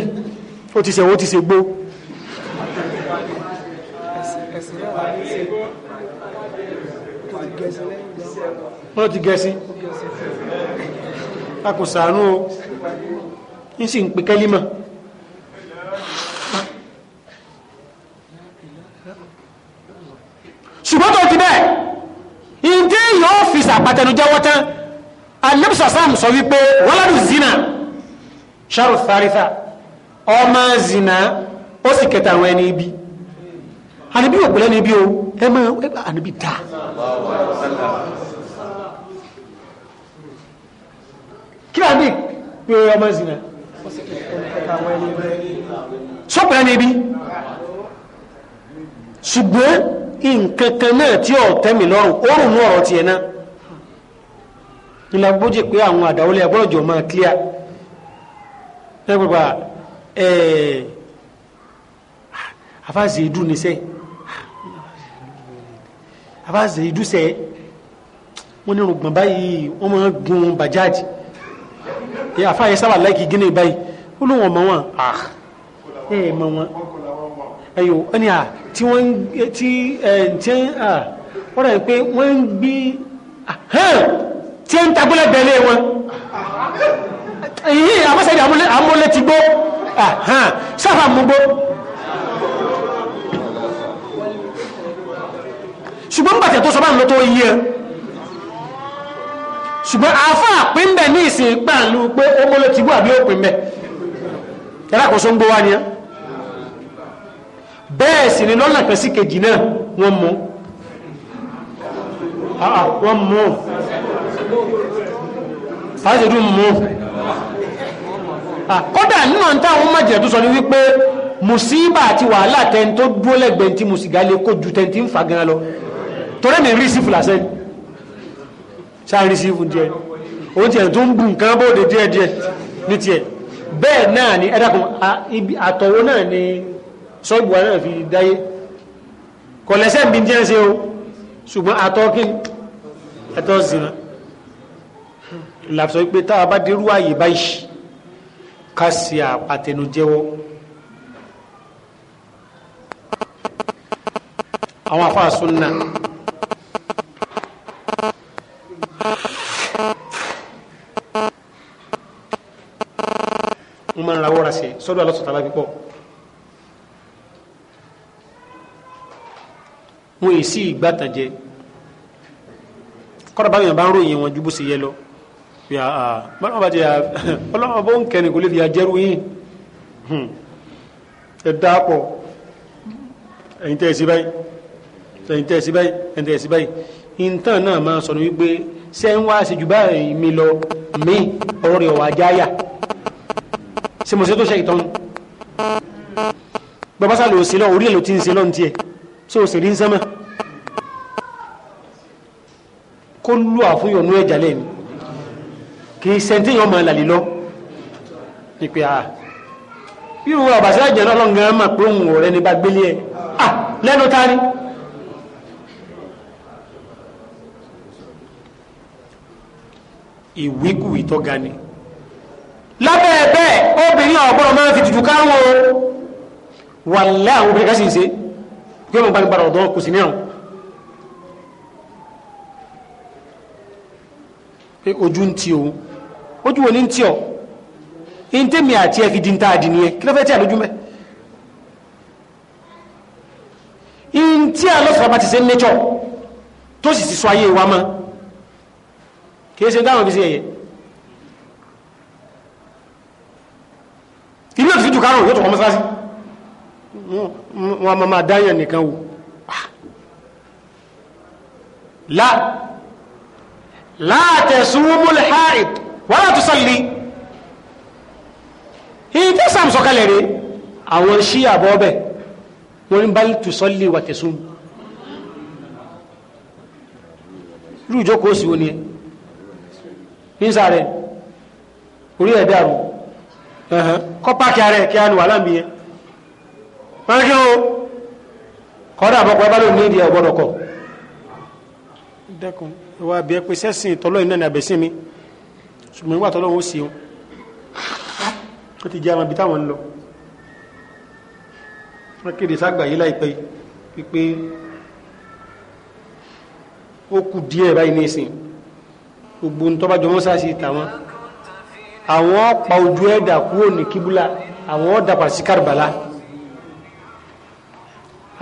ó ti sẹ̀wọ́ ti sègbó wọ́n ti gẹ̀ẹ́sí a kò sàánú o ń sì ń pe kẹ́límà àtẹnujẹ́wọ́ tán alẹ́bùsà sáàmù sọ wípé wọ́ládù zina sharu thalitha ọmọ zina ó sì kẹta àwọn ẹni ibi àníbí òpìlẹ̀ níbi o ẹ máa ẹgbà àníbí ta kí ló àbí pé ọmọ zina sọ́pìlẹ̀ níbi ṣùgbọ́n nǹkan náà tí ọ̀ ó rùn ní ọ̀rọ̀ tiẹ̀ náà ìlà gbójì pé àwọn àdáwọlé agbọ́dọ̀jọ máa clear lẹ́gbẹ̀gbà àfáàsì ìdú níṣẹ́ àfáàsì ìdúṣẹ́ wọ́n ní rògbọ̀n báyìí wọ́n máa gun bàjáàjì àfáàyè sábà láìkì gíní báyìí ó lóun ọmọ wọn ah, ẹ ẹ mọ wọn ẹyọ ẹni à tí ti ẹ̀ ń à wọ́n ah, rẹ̀ pé wọ́n ń gbé hàn. Ah, tí ń tagbọ́lẹ̀ bẹ̀lẹ̀ wọn èyí àmọ́sẹ̀dì àmúlẹ̀ ti gbó sáfà mú gbó ṣùgbọ́n bàtẹ̀ tó sọ́bà ń lọ tó yí ẹ ṣùgbọ́n àáfà pín bẹ̀ ní ìsìn pàálù pé ó mọ́lẹ̀ ti gbó àbí ó pín bẹ̀ ẹlákòóso ń gbó wá ní ẹ bẹ́ẹ̀ sì ni lọ́nà kan kejì náà wọ́n mú wọ́n mú fásitì mú ah, kódà nínú àǹtá àwọn májèlé tó sọ ní wípé mùsíbà àti wàhálà tẹni tó dúró lẹ́gbẹ̀ẹ́ tí mùsìgá lè kó ju tẹni tí ń fa gan lọ torí mi rí sífù lásẹ̀ ṣáà rí sífù díẹ̀ òun tiẹ̀ tó ń bu nǹkan bóde díẹ̀díẹ̀ ní tiẹ̀ bẹ́ẹ̀ náà ni ẹ̀dàkùn àtọ̀wọ́ náà ni sọ́gbùwà náà fi dáyé kọ̀lẹ́sẹ̀ bí jẹ́ ṣe o ṣùgbọ́n àtọ́ kí àtọ́ zìnà làbísọ̀ wípé tá a bá dérú àyè báyìí ká ṣe àtẹnujẹ́wọ́ àwọn afáà súnà wọ́n máa ń ra wọ́ra sí sọ́dọ̀ alọ́sọ̀tà lábí pọ̀ wọ́n èsì ìgbàtàjẹ́ kọ́dà báyọ̀ bá ń ròyìn wọn ju bó ṣe yẹ lọ pé aa ah, bọ́lá bá ti yà ọlọ́mọ bó ń kẹ́ni kò lè fi àjẹrú yín hmm. ẹ dáàpọ̀ ẹ̀yin tẹ́ ẹ sí báyìí ẹ̀yin tẹ́ ẹ sí báyìí ẹ̀yin tẹ́ ẹ sí báyìí nǹkan náà máa sọ̀rọ̀ wípé ṣé ń mi lọ mí ọ̀rọ̀ rẹ̀ wà jáyà ṣe mo ṣe tó ṣe ìtọ́nu bàbá sá lò sí lọ orí ẹ̀ ló ti ń ṣe lọ́n tiẹ̀ ṣé o rí ń sánmà kó lù àfúnyọ̀nú ẹ̀jà lẹ́nu kì í sẹ́ńtì yẹn ọmọ ìlàlí lọ ní pé a ah, irú àbàṣẹ àjẹnà ọlọ́ngàn mà pé òun ọ̀rẹ́ ní bá gbélé ẹ̀ à ah, lẹ́nu ta ni. ìwíkùwì tó ga ni lábẹ́ ẹ̀bẹ́ obìnrin ọ̀gbọ́n máa fi tutù káwọn wà lẹ́ àwọn obìnrin kásì ń ṣe kí wọ́n gbanigbara ọ̀dọ́ kò sí níhàn pé ojú ń ti òun ojú wo ní ń tí ọ in tèmi àti ẹ fi di ta àdì nìyẹn kí ló fẹ́ tí a lójú mẹ́ in tí a lọ́sọ̀rọ̀ bá ti ṣe nẹ́tọ̀ tó sì sọ ayé wa mọ́ kìí ṣe dáhùn ìbísí ẹ̀yẹ ìlú òtún jù kárùn yóò tó kọ́ mọ́sálásí wọn a máa dáyàn nìkan wò ah. la la tasumu al-haid wala tusalli ìdí sam sọ̀kalẹ̀ rẹ̀ àwọn ṣíyà bọ́ọ̀bẹ̀ wọ́n ní bal tusalli wa tasum rújọ kó sì wọ́n ni ẹ ní sáré orí ẹ̀ dàrú kọ́ páàkì ara ẹ̀ kí a nù wà láàmì yẹn wọ́n kí o ní ìdí ẹ̀ ọ̀gbọ́dọ̀ ìwà àbí ẹ ìtọ́lọ́ ìnáni àbẹ̀sìn mi ṣùgbọ́n nígbà tọ́lọ́wọ́ sí wọn ó ti jẹ́ àwọn ibi táwọn ń lọ wọ́n kéde ságbàáyé láìpẹ́ wípé ó kù díẹ̀ báyìí nísìn gbogbo ntọ́bàjọ́ wọn sáà sí tàwọn àwọn pa ojú ẹ̀dà kúrò ní kíbúlà àwọn ọ̀dàpà sí kárìbàlà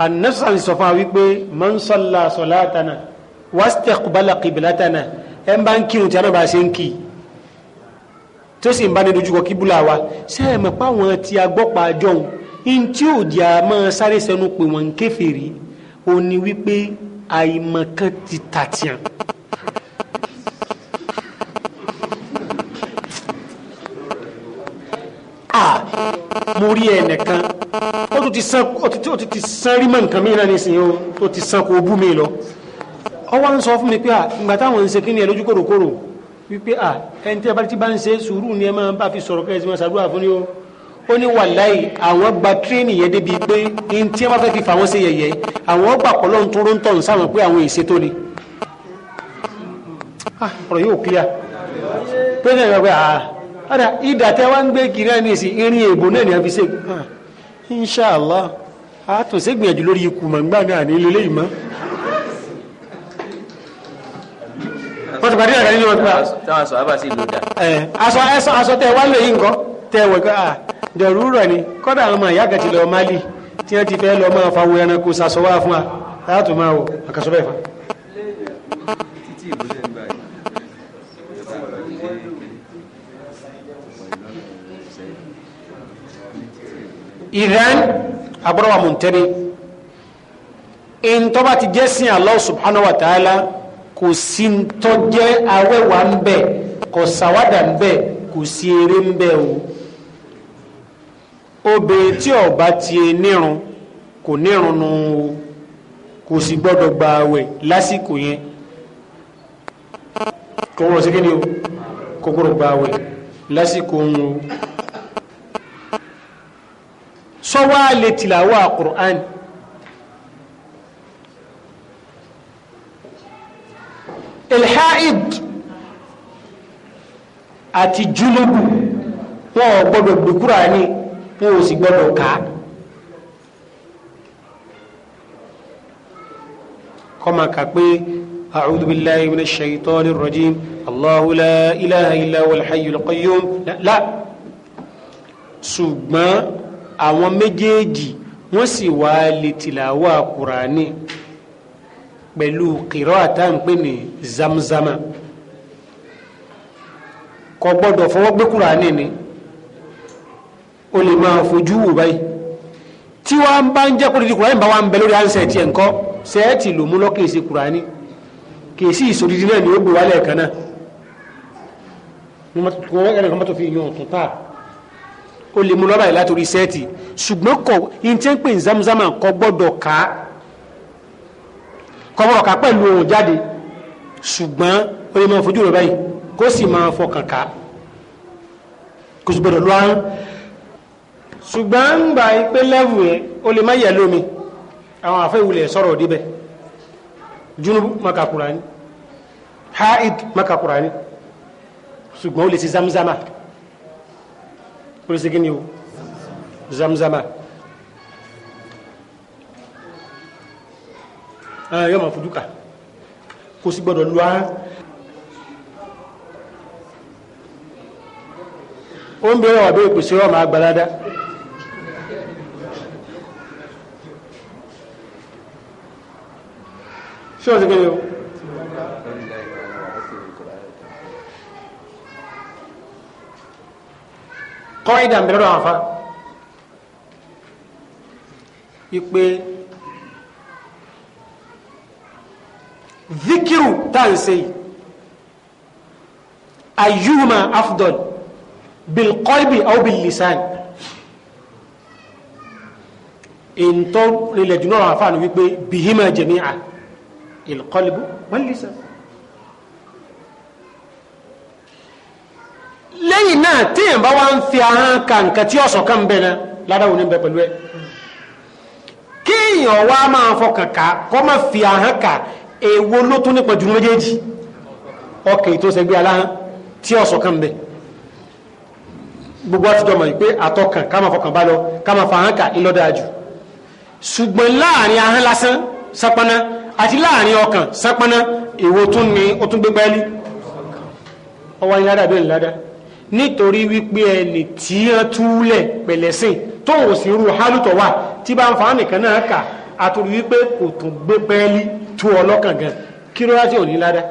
anẹ́sàn sọ fún mọ́nsọ́lá sọ̀lá wàásítẹ̀kùbálà kìbìlá tánà ń bá ń kírun tí a náà bá ṣe ń kì tó sì ń bá ní dojúkọ kíbúlà wa sẹ́ẹ̀mọ̀ páwọn ti agbọ́pa àjọhùn in tí ò di àmọ́ sáré sẹ́nu pé wọ́n ń kèfèrí ó ní wípé àìmọ̀kan ti tàtìyàn. mo rí ẹnìkan ó tún ti san ó ti san rímọ̀ nǹkan mi náà nísìnyí ó tún ti san kó bú mi lọ ọ ń sọ fún mi pé à ìgbà táwọn ń ṣe kí ni ẹ lójú kòròkòrò wípé a ẹni tí a bá ti bá ń ṣe sùúrù ni ẹ máa bá fi sọ̀rọ̀ kẹ́sì máa ṣàdúrà fún ni o ó ní wàláì àwọn gba tírénì yẹn débi pé ní tí wọ́n fẹ́ fi fà wọ́n ṣe yẹ̀yẹ́ àwọn gbà pọ̀lọ́ ń tóró ń tọ̀ ń sáwọn pé àwọn èsè tó ni ah, ọ̀rọ̀ yóò clear pé ní ẹ̀rọ pé à àdà ìdà tẹ́ wá ń gbé kiri ẹni èsì irin èbò náà ni a fi ṣe ah, inṣàlá àtúnṣe gbìyànjú lórí ikú màgbà náà ní ilé ìmọ̀ wọ́n ti pàdé àgbà nínú ọgbà. táwọn sọ abasi ló dà. aṣọ aṣọ aṣọ tẹ wá lóye nǹkan tẹ wọ ká ah, dẹrù rọ ni kọ́dà àwọn ọmọ ìyá lọ mali tí wọ́n ti fẹ́ lọ máa fa wo ẹranko sàṣọ wá fún wa táyà tó máa wò àkàṣọ bẹ́ẹ̀ fa. ìrẹ́n àbúrò wa mọ̀ntẹ́ni ìntọ́ba ti jẹ́ sin Allah subhanahu wa ta'ala kò sí tọ́jẹ́ awẹ́wà ń bẹ̀ kò sàwádà ń bẹ̀ kò sí eré ń bẹ̀ o obìnrin tí ọba ti nírun kò nírun nu o kò sì gbọ́dọ̀ gba àwẹ̀ lásìkò yẹn kò wọ́n sí kí ni o kò gbọ́dọ̀ gba àwẹ̀ lásìkò ń o sọ wá lè tìlàwọ́ àkùrọ̀ àná. ilhaid àti júlùbù wọn ò gbọ́dọ̀ gbùkúrà ní wọn ò sì gbọ́dọ̀ ká kọmọ kà pé أعوذ بالله من الشيطان الرجيم الله لا إله إلا هو الحي القيوم لا, لا. ṣùgbọ́n àwọn méjèèjì wọ́n sì wá lè tìlàwà Kùránì pẹ̀lú kìrọ́ àtàǹpé ní zamzama kò gbọ́dọ̀ fọwọ́ gbé kúránì ni o lè máa fojú wò báyìí tí wọ́n bá ń jẹ́ kó dídí kúránì bá wà ń bẹ lórí ànsẹ̀ tiẹ̀ ńkọ́ sẹ́ẹ̀tì ló mú lọ́kè sí kúránì kì í sí náà ni ó gbé wálẹ̀ kan náà ẹnì kan bá tó fi yan ọ̀tún táà o lè mú lọ́bàá yìí látòrí sẹ́ẹ̀tì ṣùgbọ́n kọ̀ ní zamzama kò gbọ́dọ̀ kàá kọ́bọ̀rọ̀ ká pẹ̀lú ohun jáde ṣùgbọ́n ó lè máa fojú rẹ̀ báyìí kó sì máa fọkàn ká kò sì gbọdọ̀ lọ àrùn ṣùgbọ́n ń gbà pé lẹ́wù yẹn ó lè má yẹ lómi àwọn àfẹ́ ìwulẹ̀ sọ̀rọ̀ òdíbẹ̀ junubu makakura ni haid makakura ni ṣùgbọ́n ó lè ṣe zamzama ó lè ṣe kí ni o zamzama. Ah, yóò máa fojú kà kò sì gbọ́dọ̀ lu ara ó ń bẹ̀rẹ̀ ọ̀bẹ̀ ìpèsè ọmọ agbálada ṣé ọ̀sẹ̀ kẹ́lẹ́ o kọ́ ìdàmbẹ̀rẹ̀ àwọn afá ipe zikiru tansi ayyuma afdol bilqalbi aw bilisan ìntọ́ rilẹ̀ jùlọ àwọn afáàní wípé bihima jẹ̀míà ilqalbu walisan lẹ́yìn náà tíyàn bá wá ń fi ahán ka nǹkan tí ọ̀sọ̀ kan bẹ̀ náà ládàá òní bẹ pẹ̀lú ẹ kéèyàn wá máa fọkàn ká kọ́ máa fi ahán ka èwo ló tún nípa jù méjèèjì ọkẹ̀ tó sẹgbẹ́ aláhán tí ọ̀sọ̀ kan gbogbo àtijọ́ mọ̀ pé àtọkàn ká máa fọkàn bá lọ ká máa fa jù ṣùgbọ́n láàrin ahán lásán sápáná àti láàrin ọkàn sápáná ewo tún ni ó tún gbégbá ẹlí ọwọ́ ládàá bẹ́ẹ̀ ládàá nítorí wípé ẹni tí wọ́n túlẹ̀ pẹ̀lẹ́sìn tóun sì rú hálùtọ̀ wà tí bá ń fa nìkan náà kà àtòrí wípé kò tún gbé pẹ́ẹ́lí tú ọlọ́kàn gan kí ló láti òní ládá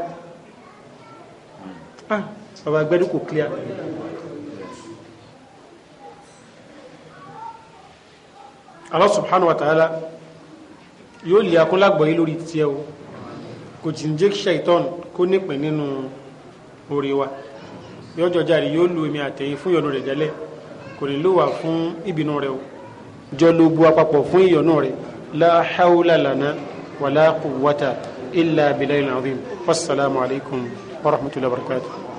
ah, bàbá gbẹ́dú kò clear Allah subhanahu wa ta'ala yóò lè akúnlágbọ̀ yìí lórí tiẹ̀ o kò tí ń jẹ́ kí ṣàìtọ́n kó nípìn nínú orí wa yọjọ jáde yóò lu èmi àtẹ̀yìn fún ìyọnu rẹ̀ jẹ́lẹ̀ kò ní ló wà fún ìbínú rẹ̀ jọ lo bu fún ìyọnu rẹ̀ لا حول لنا ولا قوة إلا بالله العظيم والسلام عليكم ورحمة الله وبركاته